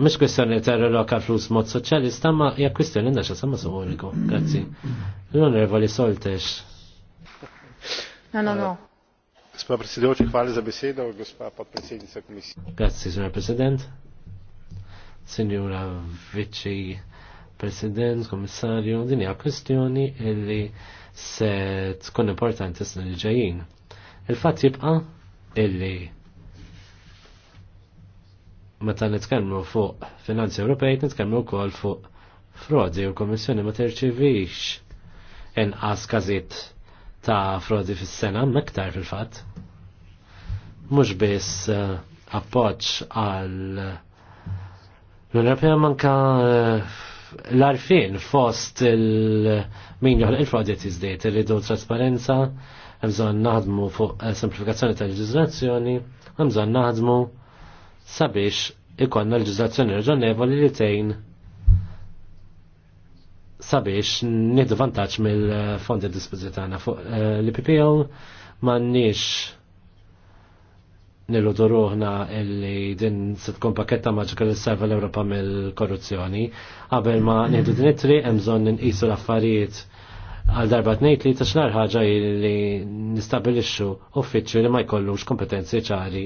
Mux kwestjoni ta' reloka flus mod soċjalista, ma hija kwestjoni naxa sama sumuriku. Grazzi. L-onorevoli Soltex. No, no, no. Gospa predsedujoča, hvala za besedo, gospa sa komisije. Grazie, signor president. Signora Vici president, komissarju, din hija kwestjoni illi se tkun importanti s li il-ġajin. Il-fatt jibqa' illi meta nitkellmu fuq finanzi Ewropej, nitkellmu wkoll fuq frodi u l-Kommissjoni ma terċivix inqas każiet ta' frodi fis-sena mektar fil-fatt. Mhux biss eh, appoġġ għal l-Ewropea manka eh, l-arfin fost il-min joħloq il-frodi il-ridu trasparenza, hemm bżonn naħdmu fuq eh, semplifikazzjoni tal-leġiżlazzjoni, hemm bżonn naħdmu sabiex ikonna l-ġizazzjoni raġonevoli li tejn sabiex nidu vantaġġ mill-fondi dispożitana fuq eh, l-PPO m'għandniex niludu ruħna illi din se tkun paketta maġika li serva l-Ewropa mill-korruzzjoni. Qabel ma nieħdu din it-triq hemm bżonn nqisu l-affarijiet għal darba tnejt li xnar ħaġa li nistabilixxu uffiċċju li ma jkollux kompetenzi ċari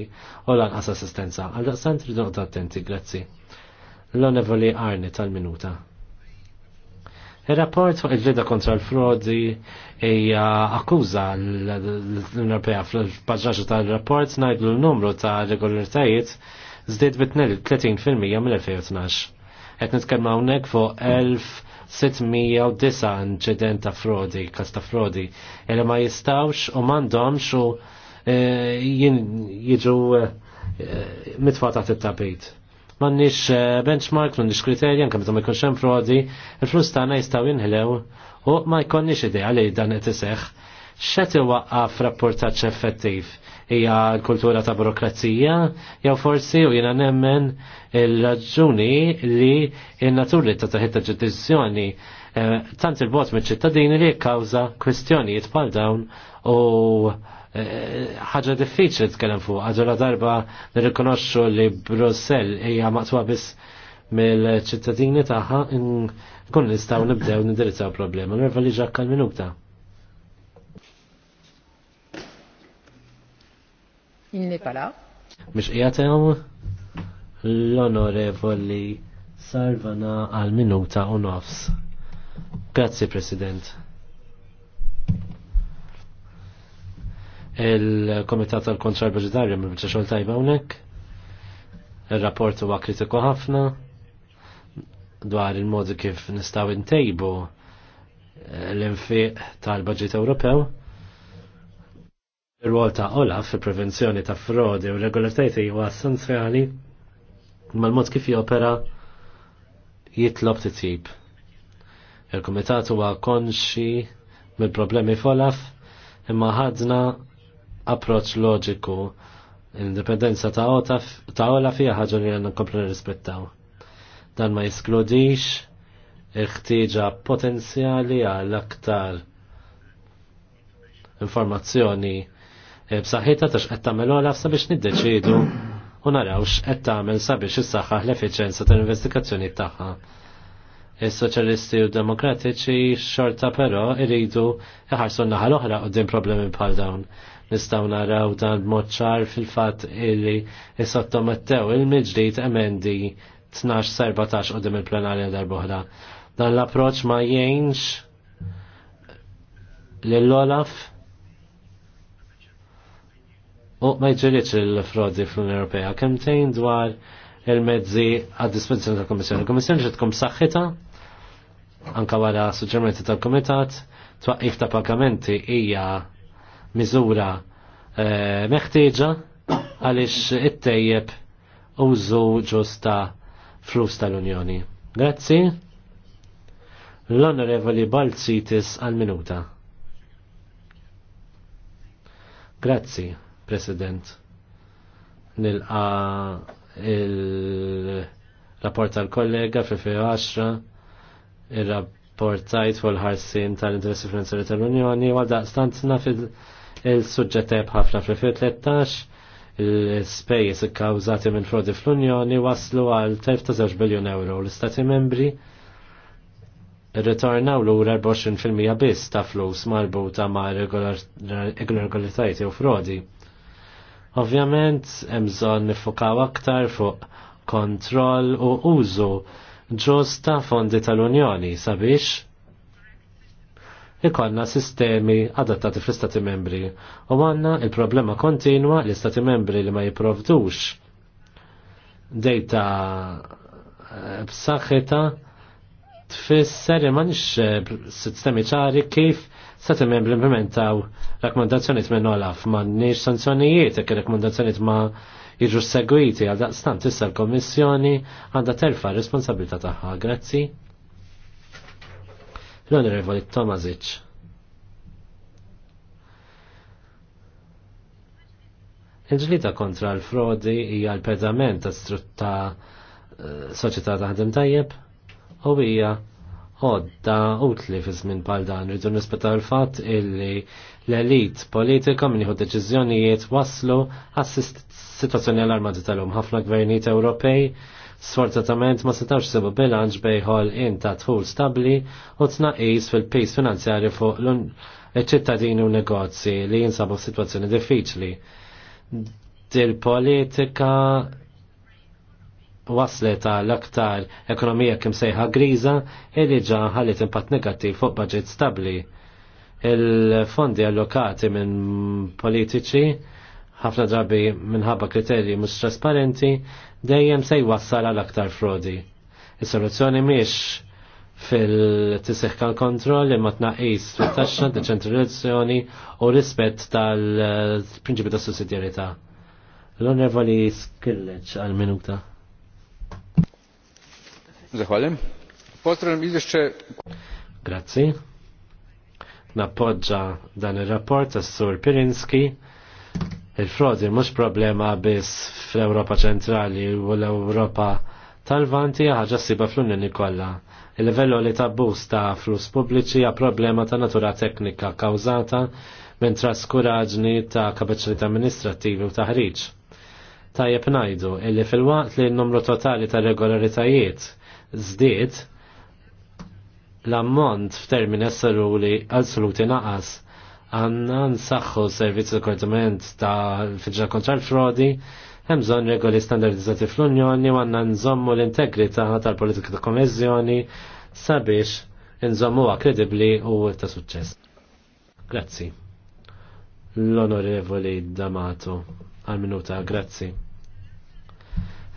u lanqas assistenza. Għal daqsant rridu noqgħod attenti, grazzi. L-onevoli Arni tal-minuta. Il-rapport fuq il ġeda kontra l-frodi hija akkuża l-Unjoni Ewropea fl-paġġaġġu tal-rapport ngħidu l-numru ta' regolaritajiet żdied bit 30% mill-2012. Qed nitkellmu hawnhekk fuq 1000 609 inċident ta' frodi, kas ta' frodi, li ma jistawx u mandomx u e, jiġu e, mitfa taħt it Ma nix e, benchmark, ma nix kriterjan, meta ma jkunx hemm frodi, il-flus tagħna jistgħu jinħlew u ma jkollniex idea li dan qed iseħħ xet iwaqqaf rapportaċ effettiv? Hija l-kultura ta' burokrazija, jew forsi u jiena nemmen il-raġuni li il naturli ta' taħit ta' eh, tant il-bot me ċittadini li kawza kwestjoni bħal dawn u eh, ħaġa diffiċli tkellem fuq, ħaġa darba nirrikonoxxu li Brussell hija maqtwa biss mill-ċittadini tagħha kun nistgħu nibdew nindirizzaw problema. Nerva li ġakkal minuta. Il n'est pas là. Mish jgħatem l-onorevoli Sarvana għal minuta u nofs. Grazie, President. Il-Komitat tal-Kontra Budgetarju mill bċa xogħol tajba hawnhekk. Ir-rapport huwa kritiku ħafna dwar il-modi kif nistgħu ntejbu l-infiq tal-Baġit Ewropew ir wol ta' Olaf fil prevenzjoni ta' frodi u regolartajt huwa essenzjali mal-mod kif jopera jitlob titjib. Il-Kumitat huwa konxi mill-problemi f'Olaf imma ħadna approċ loġiku l-indipendenza ta' Olaf hija ħaġa li għandna nkomplu nirrispettaw. Dan ma jiskludix il-ħtieġa potenzjali għal aktar informazzjoni E, b'saħħitha tax qed tagħmel olaf sabiex niddeċidu u narawx qed tagħmel sabiex issaħħaħ l-effiċenza tal-investigazzjoni tagħha. Is-soċjalisti u demokratiċi xorta però iridu iħarsu naħa l-oħra qudiem problemi bħal dawn. Nistgħu naraw dan b'mod ċar fil-fatt illi isottomettew il-miġdid emendi 12 14 qudiem il-plenarja darb'oħra. Dan l-approċċ ma jgħinx lil olaf u ma jġirriċ il-frodi fl-Unjoni Ewropea kemm tejn dwar il-mezzi għad dispozizjoni tal komissjoni il komissjoni ġiet tkun saħħitha anka wara suġġermenti tal-Kumitat twaqqif ta' pagamenti hija miżura eh, meħtieġa għaliex ittejjeb użu ġusta flus tal-Unjoni. Grazzi. L-Onorevoli Balzitis għal-minuta. Grazzi. President. Nilqa il-rapport tal-kollega fil-2010, il-rapport tajt fuq il-ħarsin tal-interessi finanzjari tal-Unjoni, u għaldaqstant naf il-sujġeteb ħafna fil-2013, il-spejjeż ikkawżati minn frodi fl-Unjoni waslu għal 13 biljun euro l-Istati membri irritornaw l-ura 24% biss ta' flus marbuta ma' irregolaritajiet u frodi. Ovvjament, hemm bżonn nifokaw aktar fuq kontroll u użu ġus ta' fondi tal-Unjoni sabiex ikonna sistemi adattati fl-Istati membri u għanna il-problema kontinwa l-Istati membri li ma jiprovdux dejta eh, b'saħħita tfisser li ma nix eh, sistemi ċari kif stati membri implementaw rakkomandazzjoniet minn Olaf ma nix sanzjonijiet jekk rakkomandazzjoniet ma jiġu segwiti għal daqstant issa l komissjoni għandha terfa' responsabilità tagħha. Grazzi. L-Onorevoli Tomazic. Il-ġlita kontra l-frodi hija l-pedament ta' eh, soċjetà taħdem tajjeb u hija Ħodda utli fi żmien bħal dan rridu nispetaw il-fatt illi l-elit politika minn jieħu deċiżjonijiet waslu għas situazzjoni allarmanti tal-lum ħafna gvernijiet Ewropej sfortatament ma setawx sebu bilanċ bejħol in ta' tħul stabli u tnaqis fil-pejs finanzjari fuq l-ċittadini u negozji li jinsabu f'sitwazzjoni diffiċli. Dil-politika waslet għal aktar ekonomija kim sejħa griża illi ġa ħallit impatt negattiv fuq budget stabli. Il-fondi allokati minn politiċi ħafna drabi minħabba kriterji mhux trasparenti dejjem se jwassal għal aktar frodi. Is-soluzzjoni miex fil-tisihkan kontroll imma tnaqis fil-taxxa, deċentralizzazzjoni u rispett tal-prinċipi tas sussidjarità l onervali skilleċ għal-minuta. Zahvaljujem. Pozdravljam izvješće. Grazie. dan ir-rapport tas Sur Pirinski. Il-frodi mhux problema biss fl-Ewropa ċentrali u l-Ewropa tal-vanti ħaġa ssiba fl-Unjoni kollha. Il-livello li tabbus ta' flus pubbliċi hija problema ta' natura teknika kawżata minn traskuraġni ta' kapaċità amministrattivi u taħriġ. Tajjeb ngħidu illi fil-waqt li n-numru totali ta' regolaritajiet Zdiet l-ammont f'termin assoluti naqas għanna nsaxħu servizz kortament ta' fiġġa kontra l-frodi, hemm bżonn regoli standardizzati fl-Unjoni u għandna nżommu l-integrità tal-politika ta' konvezzjoni sabiex huwa kredibbli u ta' suċċess. Grazzi. L-Onorevoli Damato għal-minuta, grazzi.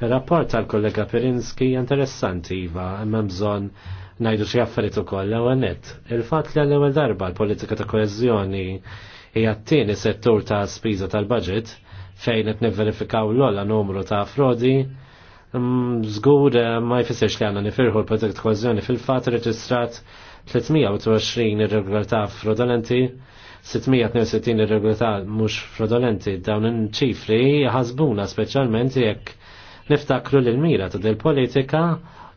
Il-rapport tal-kollega Perinski interessanti iva, imma bżon najdu xi affarijiet ukoll l-ewwel nett. Il-fatt li għall ewwel darba l-politika ta' koeżjoni hija t-tieni settur ta' spiża tal-budget fejn qed nivverifikaw l-ola numru ta' frodi Zgur mm, eh, ma jfissirx li għanna nifirħu l ta' Kważjoni fil-fat reġistrat 328 ta' frodolenti, 662 irregolartà mhux frodolenti dawn in-ċifri ħasbuna speċjalment jekk niftakru li l-mira ta' dil-politika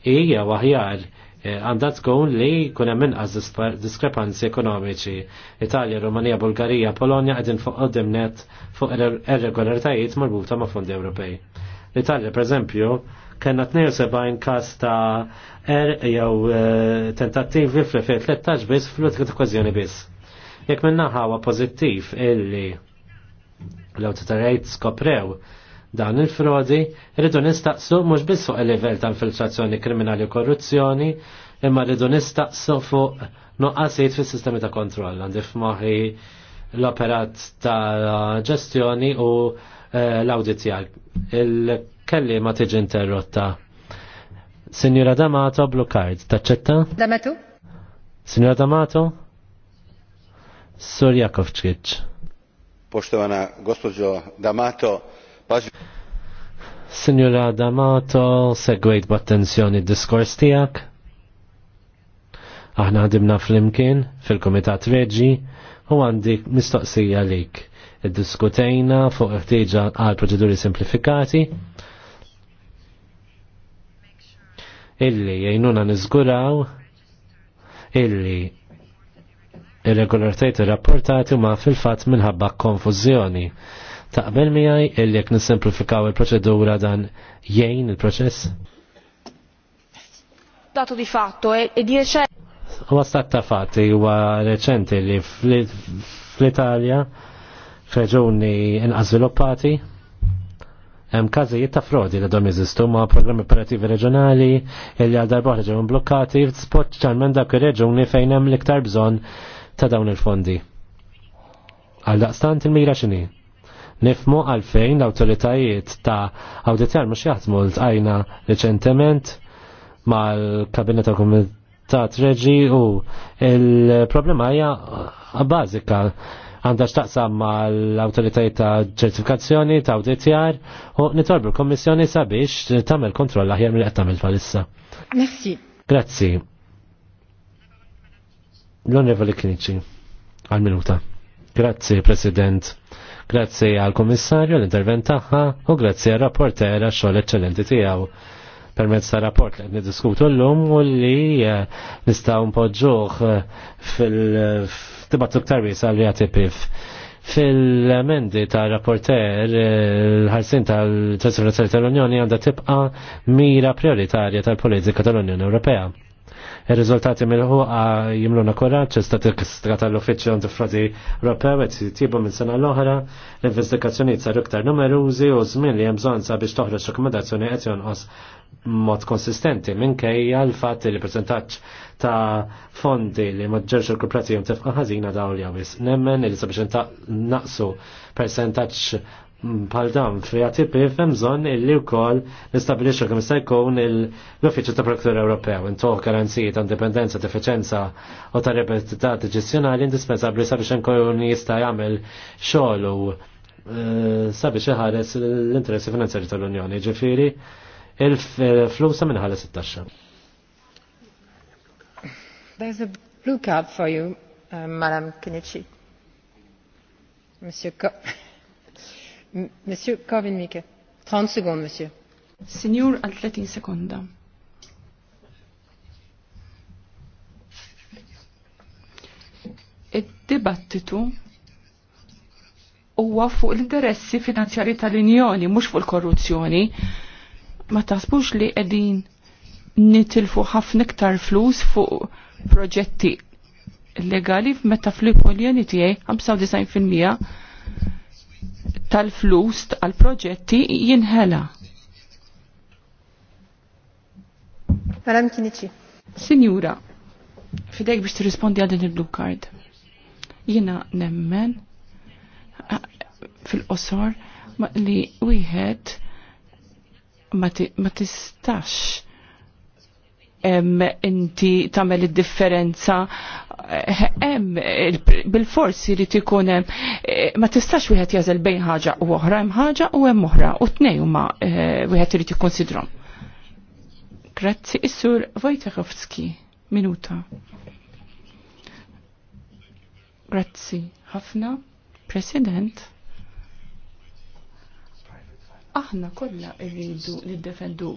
hija waħjar eh, għandha tkun li kun hemm inqas diskrepanzi ekonomiċi. Italja, Rumanija, Bulgarija, Polonja qegħdin fuq net fuq irregolaritajiet marbuta ma' fondi Ewropej. L-Italja, pereżempju, kena 72 kas ta' er jew eh, tentattivi fl-2013 biss fl-utka ta' kważjoni biss. Jekk minna ħawa pożittiv illi l autotarajt skoprew dan il-frodi, rridu nistaqsu mhux biss fuq il-livell ta' infiltrazzjoni kriminali u korruzzjoni, imma rridu nistaqsu fuq nuqqasijiet fis-sistemi ta' kontroll għandi f'moħħi l-operat ta' ġestjoni u eh, l-auditjar. Il-kelli ma tiġi interrotta. Signora D'Amato, Blue Card, taċċetta? D'Amato? Signora D'Amato? Sur Jakovčić. Poštovana gospođo D'Amato, Signora D'Amato, segwejt b'attenzjoni d-diskors tijak. Aħna ħadimna fl-imkien, fil-Komitat Reġi, u għandi mistoqsija lik. Id-diskutejna fuq ħtieġa għal proċeduri simplifikati, illi jgħinuna nizguraw illi irregolartajt il rapportati ma fil-fat minħabba konfużjoni. Taqbel miħaj illi jek nisimplifikaw il-proċedura dan jgħin il-proċess? Dato di fatto e, di recente. Huwa stat ta' fatti huwa reċenti li fl-Italja f'reġuni inqas sviluppati hemm każijiet ta' frodi li dom jeżistu ma' programmi operattivi reġjonali li għal darba ġew blokkati speċjalment dak ir-reġuni fejn hemm l-iktar bżonn ta' dawn il-fondi. Għal daqstant il-mira x'inhi? nifmu għalfejn l-autoritajiet ta' awditjar mux jaħdmu l-tajna reċentement mal-kabinet tal komitat reġi u il-problema hija bażika għandha x'taqsam mal-awtoritajiet ta' ċertifikazzjoni ta' awditjar u nitolbu l-Kommissjoni sabiex tagħmel kontroll aħjar mill qed tagħmel bħalissa. Merci. Grazzi. L-Onorevoli Kniċi, għal-minuta. Grazzi, President. Grazzi għal komissarju l-intervent tagħha u grazzi għal rapportera xogħol eċċellenti tiegħu permezz ta' rapport li niddiskutu l-lum u li eh, nistgħu npoġġuh eh, fil-dibattu ktar wiesa li għatipif fil-mendi ta' rapporter eh, l-ħarsin tal-trasformazzjoni tal-Unjoni għandha tibqa' mira prioritarja tal-politika tal-Unjoni Ewropea Il-rizultati mill ħu jimluna t-kistra tal-Uffiċċju Antifrodi Ewropew qed jitjibu minn sena l-oħra, l-investigazzjonijiet saru iktar numerużi u żmien li hemm bżonn biex toħroġ rekomendazzjoni qed jonqos mod konsistenti minkejja l-fatt li prezentaċ ta' fondi li ma ġerx il-kuprati jom tefqa ħażina daw li għawis. Nemmen li sabiex naqsu percentaġġ bħal dam, fi ATP fem bżonn illi wkoll nistabilixxu kemm se jkun l-Uffiċċju ta' Proktur Ewropew intuħ garanziji ta' indipendenza, defiċenza u ta' repetità ġestjonali indispensabbli sabiex inkun jista' jagħmel xogħol u eh, sabiex iħares l-interessi finanzjari tal-Unjoni. ġifiri il-flus minn ħares it-taxxa. There's a blue card for you, eh, Madam Kinichi. Monsieur Kopp. Signor, Id-dibattitu huwa fuq l-interessi finanzjari tal-Unjoni, mhux fuq il-korruzzjoni. Ma tasbux li qegħdin nitilfu ħafna iktar flus fuq proġetti legali meta fl-Unjoni tiegħi 95 tal-flus għal proġetti jinħela. Madam Kinici. Signora, fidejk biex tirrispondi għal din il-blue card. Jina nemmen fil-qosor li wieħed ma tistax inti tagħmel id-differenza bil-fors irid ikun hemm eh, ma tistax wieħed jażel bejn ħaġa u oħra hemm ħaġa u hemm oħra u tnej huma eh, wieħed irid jikkonsidrom. Grazzi, is-sur minuta. Grazzi, ħafna, President aħna kollha rridu niddefendu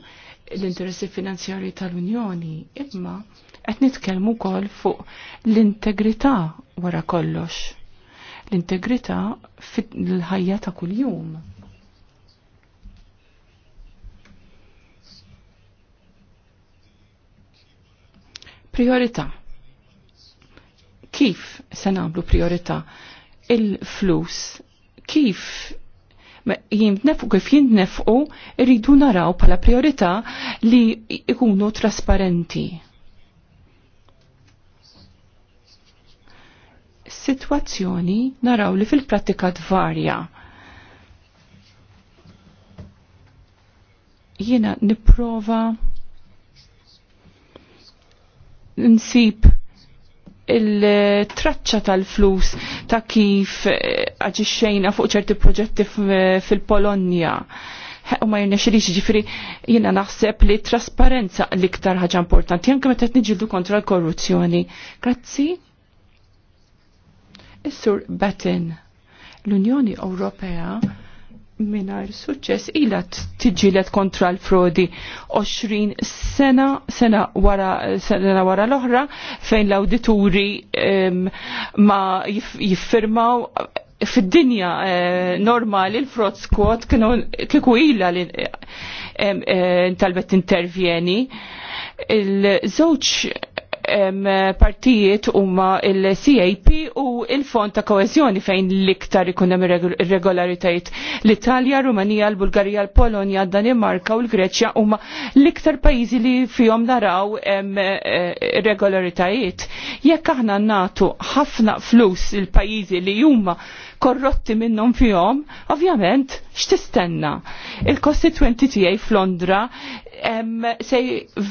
l-interessi finanzjari tal-Unjoni, imma qed nitkellmu wkoll fuq l-integrità wara kollox. L-integrità fil-ħajja ta' kuljum. Priorità. Kif se nagħmlu priorità? Il-flus kif jintnefqu kif jintnefqu rridu naraw bħala priorità li ikunu trasparenti. Situazzjoni naraw li fil-prattika tvarja. Jiena nipprova nsib il-traċċa tal-flus ta' kif eh, xejna fuq ċerti proġetti fil-Polonja. U ma jenna li ġifri, jenna naħseb li trasparenza l-iktar ħaġa importanti, anke meta niġildu kontra l-korruzzjoni. Grazzi. Is-sur Batten, l-Unjoni Ewropea minar suċċess ila tiġilet kontra l-frodi 20 sena sena wara sena wara l-oħra fejn l-awdituri ma jiffirmaw eh, fid-dinja eh, normali l-frod squad kienu kiku ila li eh, talbet intervjeni il-żewġ partijiet huma il-CAP u il-Fond ta' Koezjoni fejn l-iktar ikun hemm irregolaritajiet. L-Italja, Rumanija, l-Bulgarija, l-Polonja, Danimarka u l-Greċja huma l-iktar pajjiżi li fihom naraw hemm eh, irregolaritajiet. Jekk aħna natu ħafna flus il-pajjiżi li huma korrotti minnhom fihom, ovvjament x'tistenna. Il-kostituenti tiegħi f'Londra se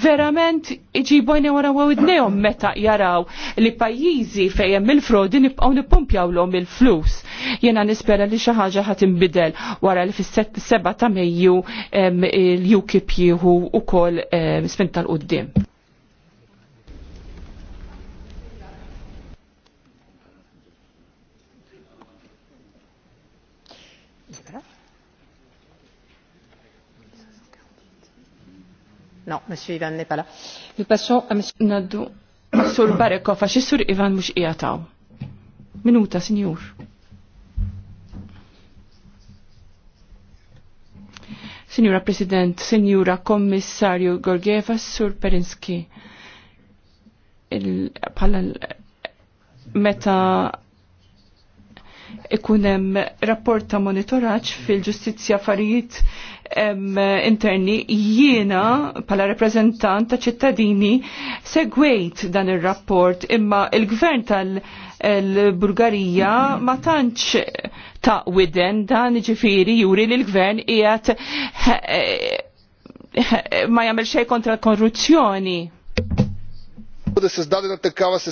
verament iġibojni wara għawidnejom meta jaraw li pajjiżi fejjem il-frodi nipqaw nipumpjaw l il-flus. Jena nispera li xaħġa ħat imbidel wara li fis-7 ta' Mejju l-UKIP jieħu u kol spinta l-qoddim. No, Monsieur Ivan n'est pas là. Nous passons à Monsieur... Naddu, Sur Barekov, għax Sur Ivan mux ijataw. Minuta, Signor. Signora President, Signora Commissario Gorgieva, Sur Perinski. Pala meta ikun hemm rapport ta' monitoraċ fil-ġustizzja affarijiet interni jiena pala reprezentant ta' ċittadini segwejt dan ir-rapport imma il-gvern tal-Bulgarija ma tantx ta' widen dan ġifiri juri li l-gvern qiegħed eh, eh, ma jagħmel xejn kontra l-korruzzjoni. Да се създаде на такава, се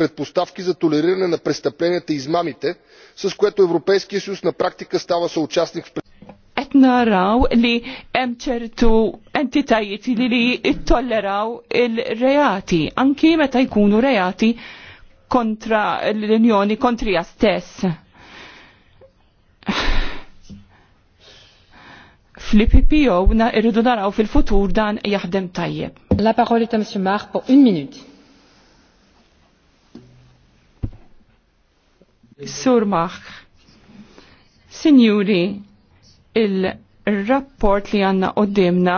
предпоставки за толериране на престъпленията и измамите с което европейският съюз на практика става съучастник в qed naraw li hemm ċertu entitajiet li li tolleraw il-reati, anki meta jkunu reati kontra l-Unjoni kontrija stess. Fl-IPPO irridu naraw fil-futur dan jaħdem tajjeb. La parole ta' Mr. Mark Marc pour une minute. Sur Mach. Sinjuri, il-rapport li għanna qoddimna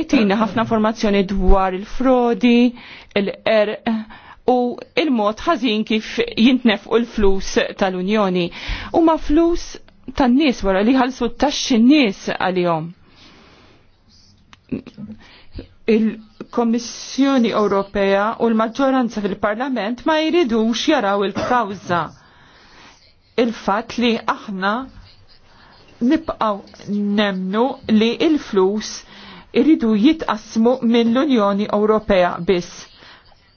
itina ħafna informazzjoni dwar il-frodi, il-erq, u il-mod ħażin kif jintnefqu l-flus tal-Unjoni. U ma flus tan-nies wara li ħalsu t-taxxi n-nies għalihom. Il-Kommissjoni Ewropea u l-maġġoranza fil-Parlament ma jridux jaraw il-kawża il-fat li aħna nibqaw nemnu li il-flus iridu jitqasmu mill-Unjoni Ewropea biss.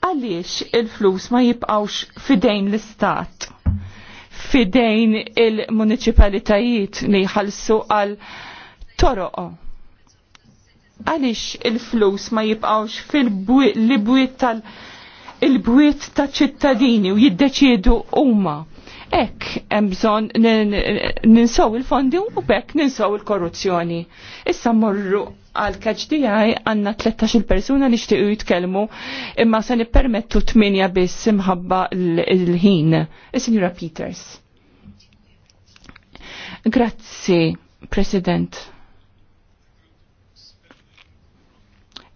Għaliex il-flus ma jibqawx fidejn l-istat, fidejn il-municipalitajiet li jħallsu għal toroqo. Għaliex il-flus ma jibqawx fil-bwiet tal- il-bwiet ta' ċittadini u jiddeċiedu huma Ek hemm bżonn ninsow il-fondi u bekk ninsow il-korruzzjoni. Issa morru għal KHDI għanna 13 persuna nixtiequ jitkellmu imma se nippermettu 8 biss imħabba l-ħin. is Peters. Grazzi, President.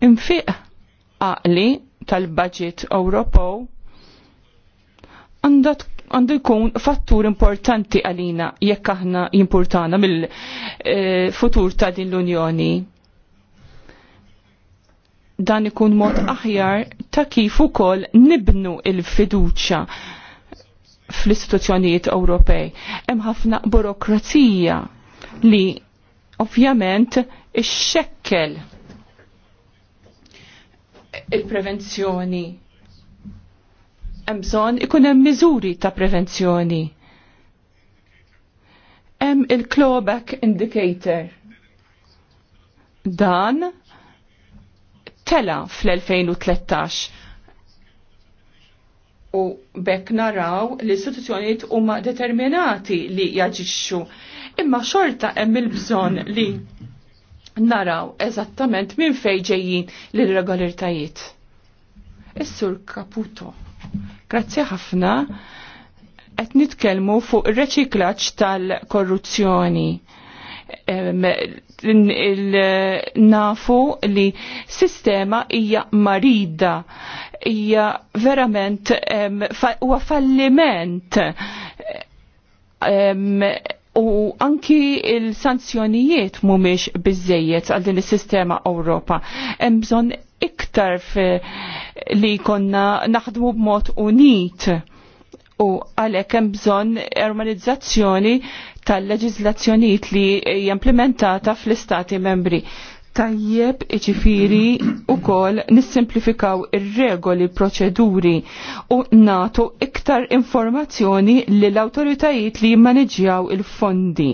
Infiq għaqli tal-budget Ewropew għandha għandu jkun fattur importanti għalina jekk aħna importana mill-futur eh, ta' din l-Unjoni. Dan ikun mod aħjar ta' kif ukoll nibnu il-fiduċa fl-istituzzjonijiet Ewropej. Hemm ħafna burokrazija li ovvjament ixxekkel il-prevenzjoni hemm bżonn ikun hemm miżuri ta' prevenzjoni. Hemm il-clawback indicator. Dan tela fl-2013 u bekk naraw li istituzzjonijiet huma determinati li jaġixxu. Imma xorta hemm il-bżonn li naraw eżattament minn fejn ġejjin l-irregolaritajiet. Is-sur Caputo. Grazzi ħafna. Qed nitkellmu fuq ir-reċiklaġġ tal-korruzzjoni. Nafu li sistema hija marida, hija verament huwa falliment u anki il-sanzjonijiet mumiex bizzejiet għal din is-sistema Ewropa. Hemm bżonn iktar li konna naħdmu b'mod unit u għalhekk hemm bżonn armonizzazzjoni tal-leġiżlazzjonijiet li jimplementata fl-istati membri tajjeb iċifiri u kol nissimplifikaw ir-regoli proċeduri u natu iktar informazzjoni li l-autoritajiet li maneġjaw il-fondi.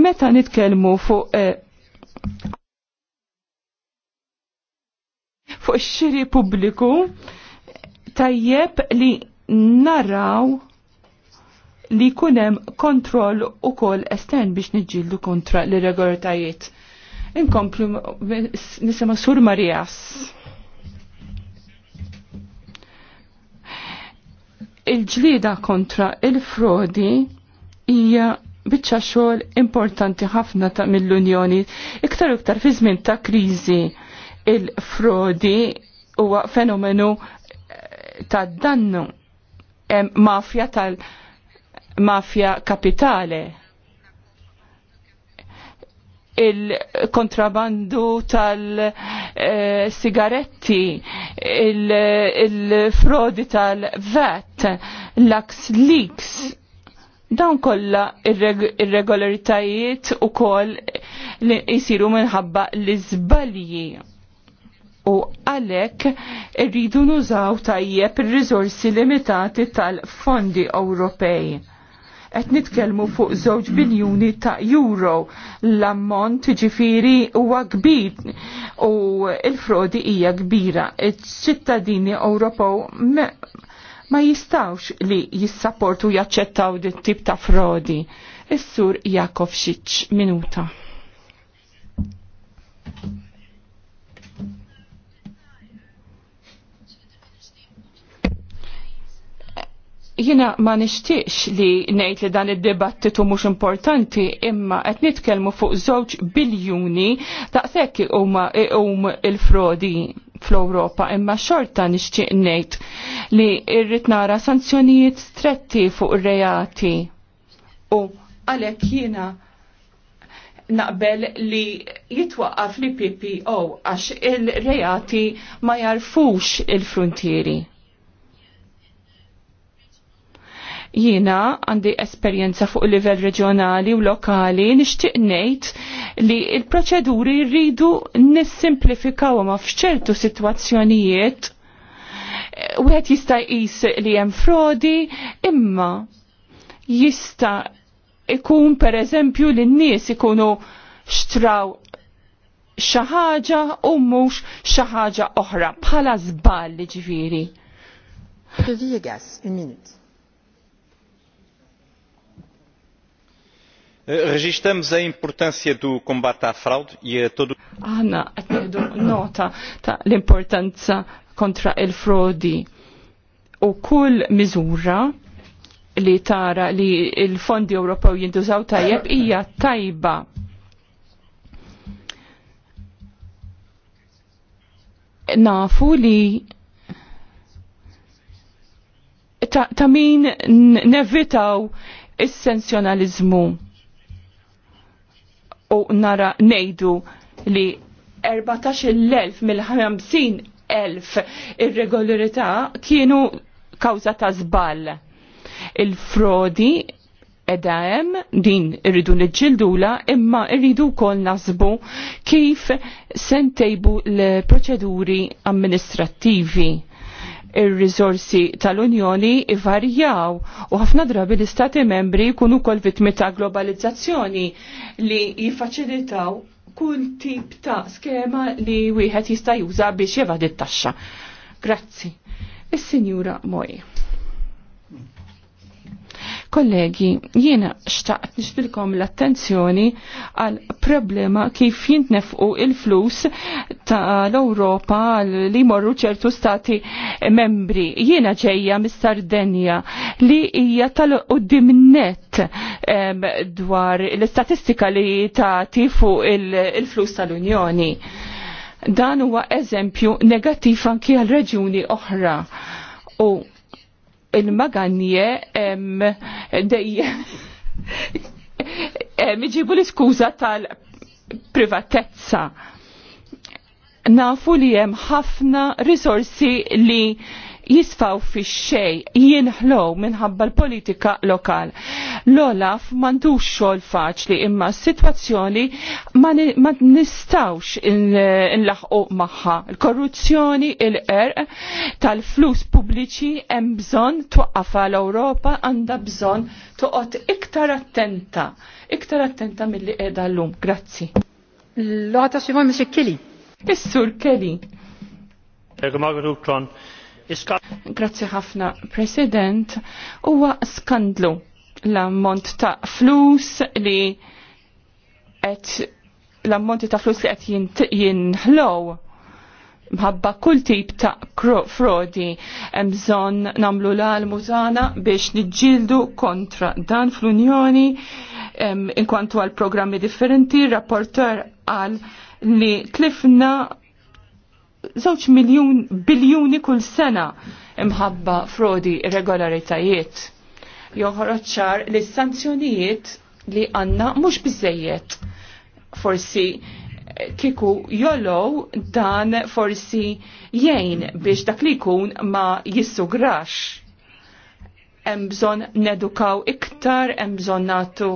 Meta nitkelmu fuq eh, fuq xiri pubbliku tajjeb li naraw li kunem kontroll u kol estern biex nġildu kontra l-regolatajiet Inkomplu nisema Sur Marijas. Il-ġlida kontra il-frodi hija biċċa xogħol importanti ħafna ta' mill-Unjoni. Iktar iktar fi żmien ta' kriżi il-frodi huwa fenomenu eh, ta' dannu mafja tal-mafja kapitale il-kontrabandu tal-sigaretti, il-frodi tal-vet, l aks leaks. Dawn kollha irregolaritajiet u kol li jisiru minħabba l-izbalji. U għalek irridu nużaw tajjeb ir rizorsi limitati tal-fondi Ewropej qed nitkellmu fuq żewġ biljuni ta' euro. L-ammont ġifiri huwa kbir u l-frodi hija kbira. Iċ-ċittadini Ewropew ma jistawx li jissaportu jaċċettaw dit tip ta' frodi. Is-sur Jakov Xiċ minuta. Jina ma nixtiex li ngħid li dan id-dibattitu mhux importanti imma qed nitkellmu fuq żewġ biljuni daqshekk huma um il-frodi fl-Ewropa imma xorta nixtieq ngħid li rrid nara sanzjonijiet stretti fuq ir-reati. U għalhekk jiena naqbel li jitwaqqaf li PPO għax il-reati ma jarfux il-frontieri Jiena għandi esperjenza fuq livell reġjonali u lokali nixtieq ngħid li l-proċeduri rridu nissimplifikaw ma f'ċertu sitwazzjonijiet wieħed jista' jqis li hemm frodi imma jista' ikun pereżempju li n-nies ikunu xtraw xi ħaġa u mhux xi ħaġa oħra bħala żball ġifieri. Viegas, un minut. Eh, Reġiċtem za importanzja du kombata fraud Għana, e għetnidu nota ta' l-importanza kontra il-frodi. U kull miżura li tara li il-fondi Ewropew jintużaw tajjeb hija tajba. Nafu li ta', ta min nevitaw is-sensjonalizmu u nara nejdu li 14.000 mill-50.000 irregolarità kienu kawza ta' zbal. Il-frodi edha hemm din irridu niġġildula imma irridu wkoll nasbu kif sentejbu l-proċeduri amministrattivi ir-riżorsi tal-Unjoni ivarjaw u ħafna drabi l-Istati membri kunu kol vitmi ta' globalizzazzjoni li jifaċilitaw kull tip ta' skema li wieħed jista' juża biex jevadi t-taxxa. Grazzi. Is-Sinjura Moje. Kollegi, jiena xtaqt nixtilkom l-attenzjoni għal problema kif jintnefqu il-flus tal europa li morru ċertu stati membri. Jiena ġejja mis-Sardenja li hija tal-qoddim net dwar l-istatistika li ta' fuq il-flus tal-Unjoni dan huwa eżempju negattiv anki għal reġjuni oħra. U il-maganje dejjem iġibu l-iskuża tal-privatezza. Nafu li hemm ħafna risorsi li jisfaw fi xej, jinħlow minħabba l-politika lokal. L-Olaf mandux xogħol faċli imma s-sitwazzjoni ma nistawx nlaħqu magħha. l korruzzjoni il-qerq tal-flus pubbliċi hemm bżonn tuqqafa l-Ewropa għandha bżonn toqgħod iktar attenta, iktar attenta milli qiegħda llum. Grazzi. L-ħata xi Mr. Kelly. Is-Sur Kelly. Grazie ħafna, President. Huwa skandlu l-ammont ta' flus li et l ammont ta' flus li qed jinħlow mħabba kull tip ta' frodi hemm bżonn nagħmlu l mużana biex niġġieldu kontra dan fl-Unjoni inkwantu għal programmi differenti, rapporter għal li tlifna żewġ miljun biljuni kull sena imħabba frodi regolaritajiet joħroġ ċar li s-sanzjonijiet li għanna mhux biżejjed. Forsi eh, kiku jollow dan forsi jgħin biex dak li jkun ma jissugrax. Hemm bżonn nedukaw iktar, hemm bżonn nagħtu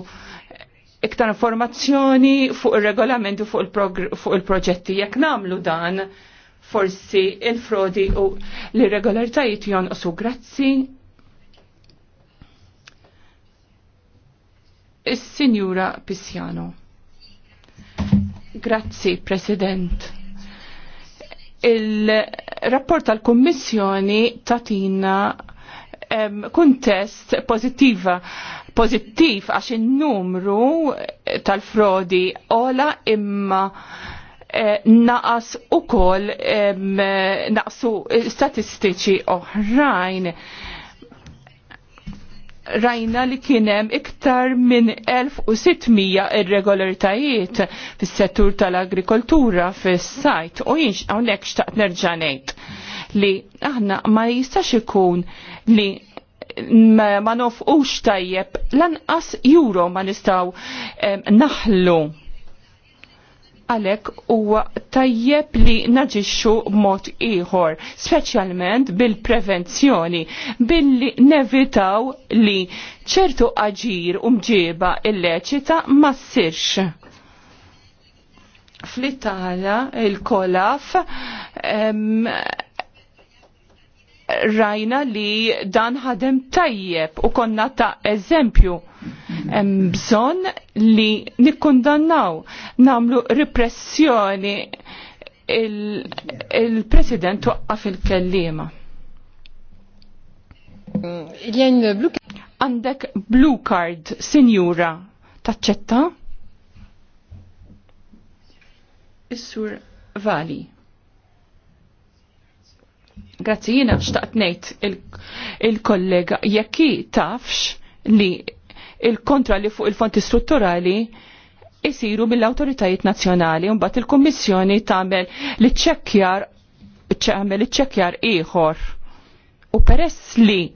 iktar informazzjoni fuq ir-regolamenti fuq il-proġetti. Jekk nagħmlu dan, forsi il-frodi u l-irregolaritajiet osu Grazzi il sinjura Pisjano. Grazzi, President. Il-rapport tal-Kommissjoni tatina kontest pozittiva pozittiv għax il-numru tal-frodi ola imma eh, naqas u kol naqsu statistiċi oħrajn. Oh, rajna li kienem iktar minn 1600 irregolaritajiet fis-settur tal-agrikoltura fis-sajt u jinx hawnhekk xtaqt nerġanejt li aħna ma jistax ikun li ma nofqux tajjeb lanqas juro ma nistaw naħlu għalek huwa tajjeb li naġixxu mod ieħor, speċjalment bil-prevenzjoni, billi nevitaw li ċertu aġir u mġieba illeċita ma ssirx. Fl-Italja il-kolaf rajna li dan ħadem tajjeb u konna ta' eżempju Hemm bżonn li nikkundannaw nagħmlu repressjoni il-President il toqqaf il-kellima. Għandek blue card, sinjura, taċċetta? Is-sur Vali. Grazzi, jina xtaqt nejt il-kollega, il jekki tafx li il-kontra li fuq il-fonti strutturali jisiru mill-autoritajiet nazzjonali un bat il-Kommissjoni tagħmel li ċekkjar l iċċekkjar ieħor. U peress li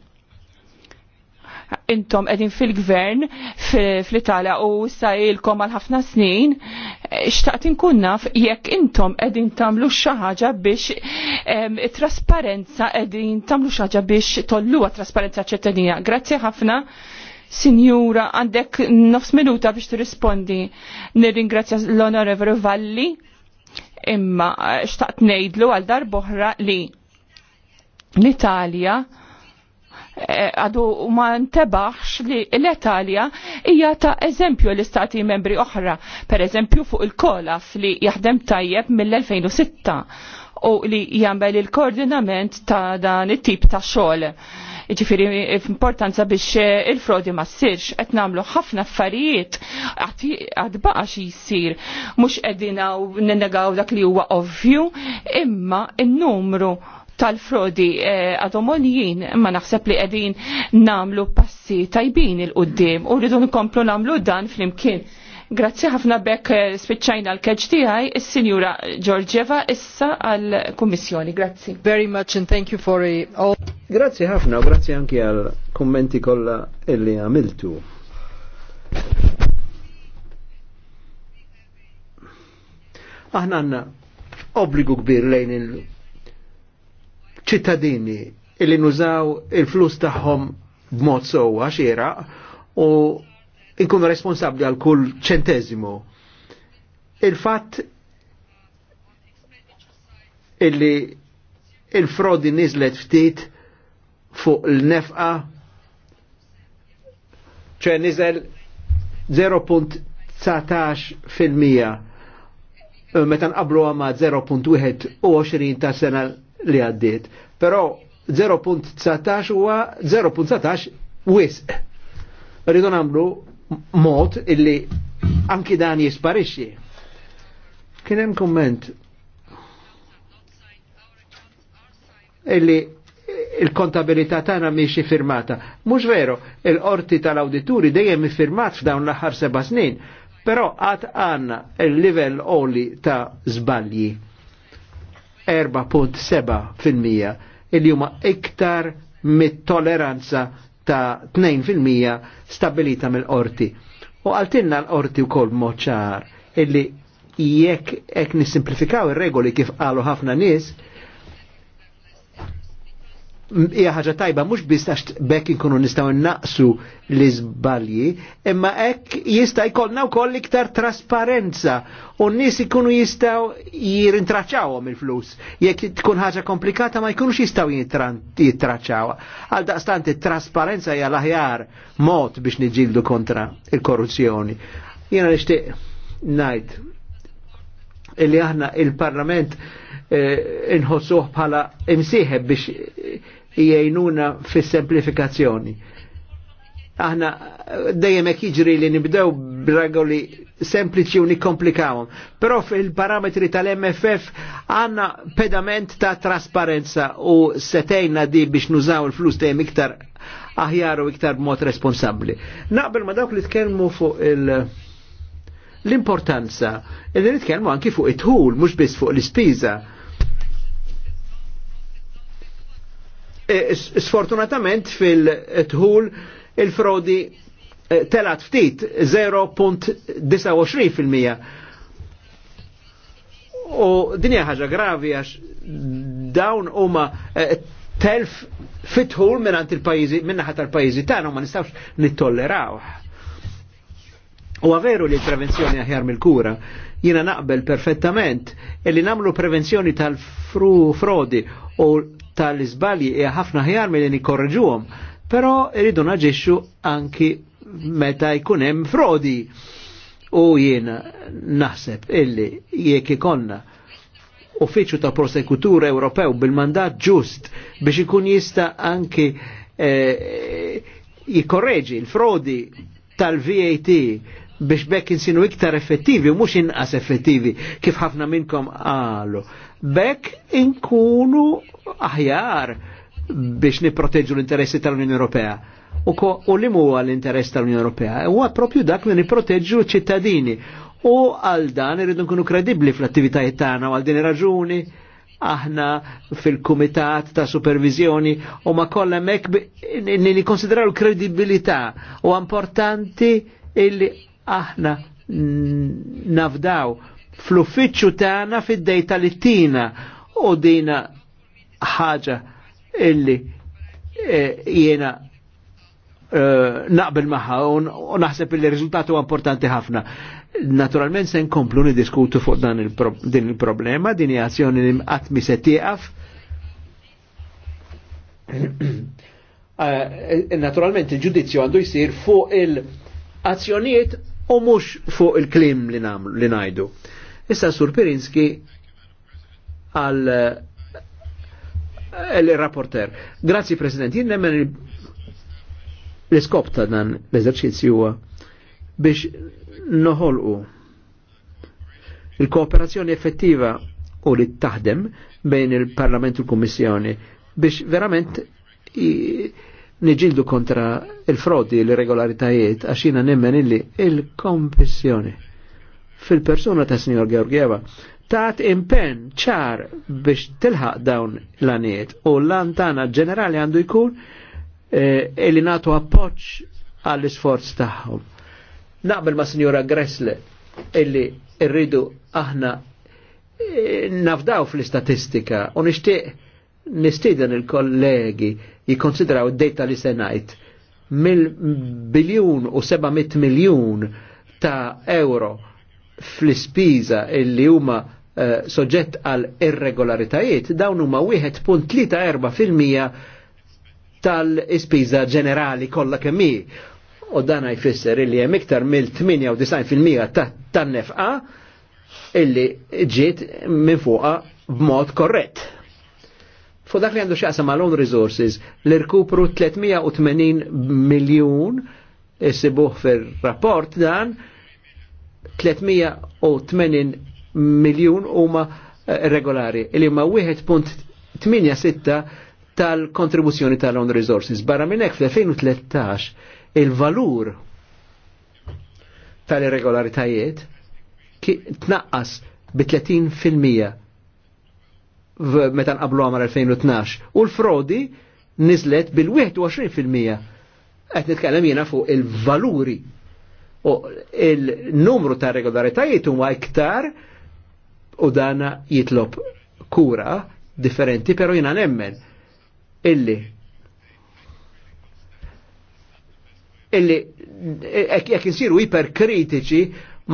intom edin fil-gvern fl-Italja u sajilkom għal ħafna snin, xtaqt inkun naf jekk intom edin tamlu xaħġa biex trasparenza edin tamlu xaħġa biex tolluwa trasparenza ċettadina. Grazzi ħafna. Sinjura, għandek nofs minuta biex tirrispondi. Nirringrazzja l-Onorevru Valli, imma eh, xtaqt nejdlu għal dar boħra li l-Italja eh, għadu ma ntebaħx li l-Italja hija ta' eżempju l-istati membri oħra, per eżempju fuq il-kolaf li jaħdem tajjeb mill-2006 u li jagħmel il-koordinament ta' dan it-tip ta' xogħol ġifiri importanza biex eh, il-frodi ma ssirx qed nagħmlu ħafna affarijiet għad baqa xi jsir mhux n-negaw dak li huwa ovvju imma n-numru tal-frodi għadomonijin eh, ma naħseb li qegħdin namlu passi tajbin il-qoddim u rridu nkomplu namlu dan flimkien Grazzi ħafna bekk eh, spiċċajna l-keġ tiegħi is-Sinjura Georgieva issa għall-Kummissjoni. Grazzi. Very much and thank you for all. Grazzi ħafna u grazzi anki għal kommenti kollha illi għamiltu. Aħna għandna obbligu kbir lejn il-ċittadini illi nużaw il-flus tagħhom b'mod sowa xieraq u inkunu responsabli għal kull ċentesimo. Il-fatt illi il-frodi nizlet ftit fuq il-nefqa ċe nizel 0.19% e, meta qablu għama 0.21 ta' sena li għaddiet. Pero 0.19 huwa 0.19 wisq. Rridu namlu mod illi anki dan jisparixxi. Kien hemm komment illi il-kontabilità tagħna mhix firmata. Mhux veru, il-qorti tal-awdituri dejjem iffirmat f'dawn l-aħħar seba' snin, però għad għandna il-livell oli ta' żbalji 4.7 fil-mija il-juma iktar mit-toleranza ta' 2% stabilita mill-qorti. U għaltinna l-qorti u kol moċar illi jekk ek nisimplifikaw il-regoli kif għalu ħafna nis, hija ħaġa tajba mhux biss għax bekk inkunu nistgħu naqsu l-iżbalji, imma hekk jista' jkollna wkoll iktar trasparenza u n-nies ikunu jistgħu jirintraċċawhom il-flus. Jekk tkun ħaġa komplikata ma jkunux jistgħu jittraċċawha. Għal daqstant it-trasparenza hija l-aħjar mod biex niġildu kontra il-korruzzjoni. Jiena nixtieq ngħid illi aħna il-Parlament eh, inħossuh bħala imsieħeb biex jgħinuna fis-semplifikazzjoni. Aħna dejjem hekk jiġri li nibdew b'regoli sempliċi u nikkomplikawhom. Però fil-parametri tal-MFF għandna pedament ta' trasparenza u setejna di biex nużaw il-flus dejjem iktar aħjar u iktar b'mod responsabbli. Naqbel ma dawk li tkellmu fuq il- l-importanza, illi nitkellmu anki fuq it-ħul, mhux biss fuq l-ispiża Eh, sfortunatament fil-tħul il-frodi eh, telat ftit 0.29% u dinja ħaġa gravi għax dawn huma eh, telf fitħul minnant il-pajizi, minnaħat tal-pajizi tagħna ma nistawx nittolleraw. U għaveru li prevenzjoni aħjar mill-kura, jina naqbel perfettament li namlu prevenzjoni tal frodi u tal-izbalji hija ħafna ħjar milli nikorreġuhom, però irridu naġixxu anki meta jkun hemm frodi. U jiena naħseb illi jekk ikonna uffiċċju ta' prosekutur Ewropew bil-mandat ġust biex ikun jista' anki eh, jikorreġi l-frodi tal-VAT biex bekk insinu iktar effettivi u mux inqas effettivi kif ħafna minnkom għalu. Bekk inkunu aħjar biex niproteġu l-interessi tal-Unjoni Ewropea. U, u li huwa l-interess tal-Unjoni Ewropea? Huwa propju dak li niproteġu ċittadini. U għal dan irridu nkunu kredibbli fl-attivitajiet tagħna u għal din raġuni aħna fil-Kumitat ta' Supervizjoni u ma kollha hekk nikkonsidraw l-kredibilità u importanti illi aħna nafdaw fl-uffiċċju tagħna fid dej li tina u dina ħaġa illi eh, jiena eh, naqbel maħħa u naħseb illi riżultatu importanti ħafna. Naturalment se nkomplu diskutu fuq dan il din il-problema, din hija azzjoni li qatt mi se tieqaf. Eh, naturalment il-ġudizzju għandu jsir fuq il-azzjonijiet u mhux fuq il-klim li namlu li ngħidu. Issa Sur Pirinski għal eh, il-rapporter. Grazzi President, jien nemmen l-iskop ta' dan l-eżerċizzju huwa biex noħolqu il-kooperazzjoni effettiva u li taħdem bejn il-Parlament u l-Kummissjoni biex verament niġildu kontra il-frodi, l-irregolaritajiet, għaxina nemmen illi il-kompissjoni fil-persuna ta' Signor Georgieva tat impen ċar biex tilħaq dawn l-aniet u l-antana ġenerali għandu jkun eh, illi natu appoċ għall-isforz tagħhom. Naqbel ma' Signora Gressle illi irridu aħna eh, nafdaw fl-istatistika u nixtieq nistiden il-kollegi jikonsidraw id-data li senajt mill-biljun u 700 miljun ta' euro fl-ispiża illi huma uh, soġġett għal irregolaritajiet dawn huma 1.34% tal-ispiża ġenerali kollha kemm u dan jfisser illi hemm iktar mill-98% tan-nefqa illi ġiet minn fuqha b'mod korrett Fuq dak li għandu xaqsa ma' loan resources li rkupru 380 miljon issibuh fil-rapport dan 380 miljon huma eh, regolari li huma 1.86 tal-kontribuzzjoni tal-own resources. Barra minn hekk fl-2013 il-valur tal-irregolaritajiet tnaqqas bi 30 fil-mija meta nqablu għamar 2012 u l-frodi nizlet bil-21% qed nitkellem jiena fuq il-valuri u il-numru ta' regolaritajiet huma iktar u dana jitlob kura differenti, pero jena nemmen illi illi jek insiru iperkritiċi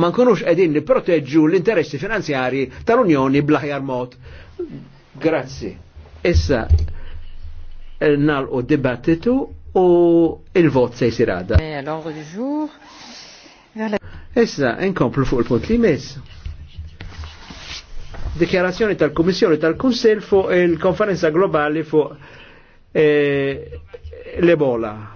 ma nkunux qegħdin li proteġġu l-interessi finanzjari tal-Unjoni bl-aħjar mod Grazzi. Issa eh, u dibattitu u il-vot se jsir għada. Issa, inkomplu fuq il-punt li mis. Dikjarazzjoni tal komissjoni tal-Kunsel fuq il-Konferenza Globali fuq eh, l-Ebola.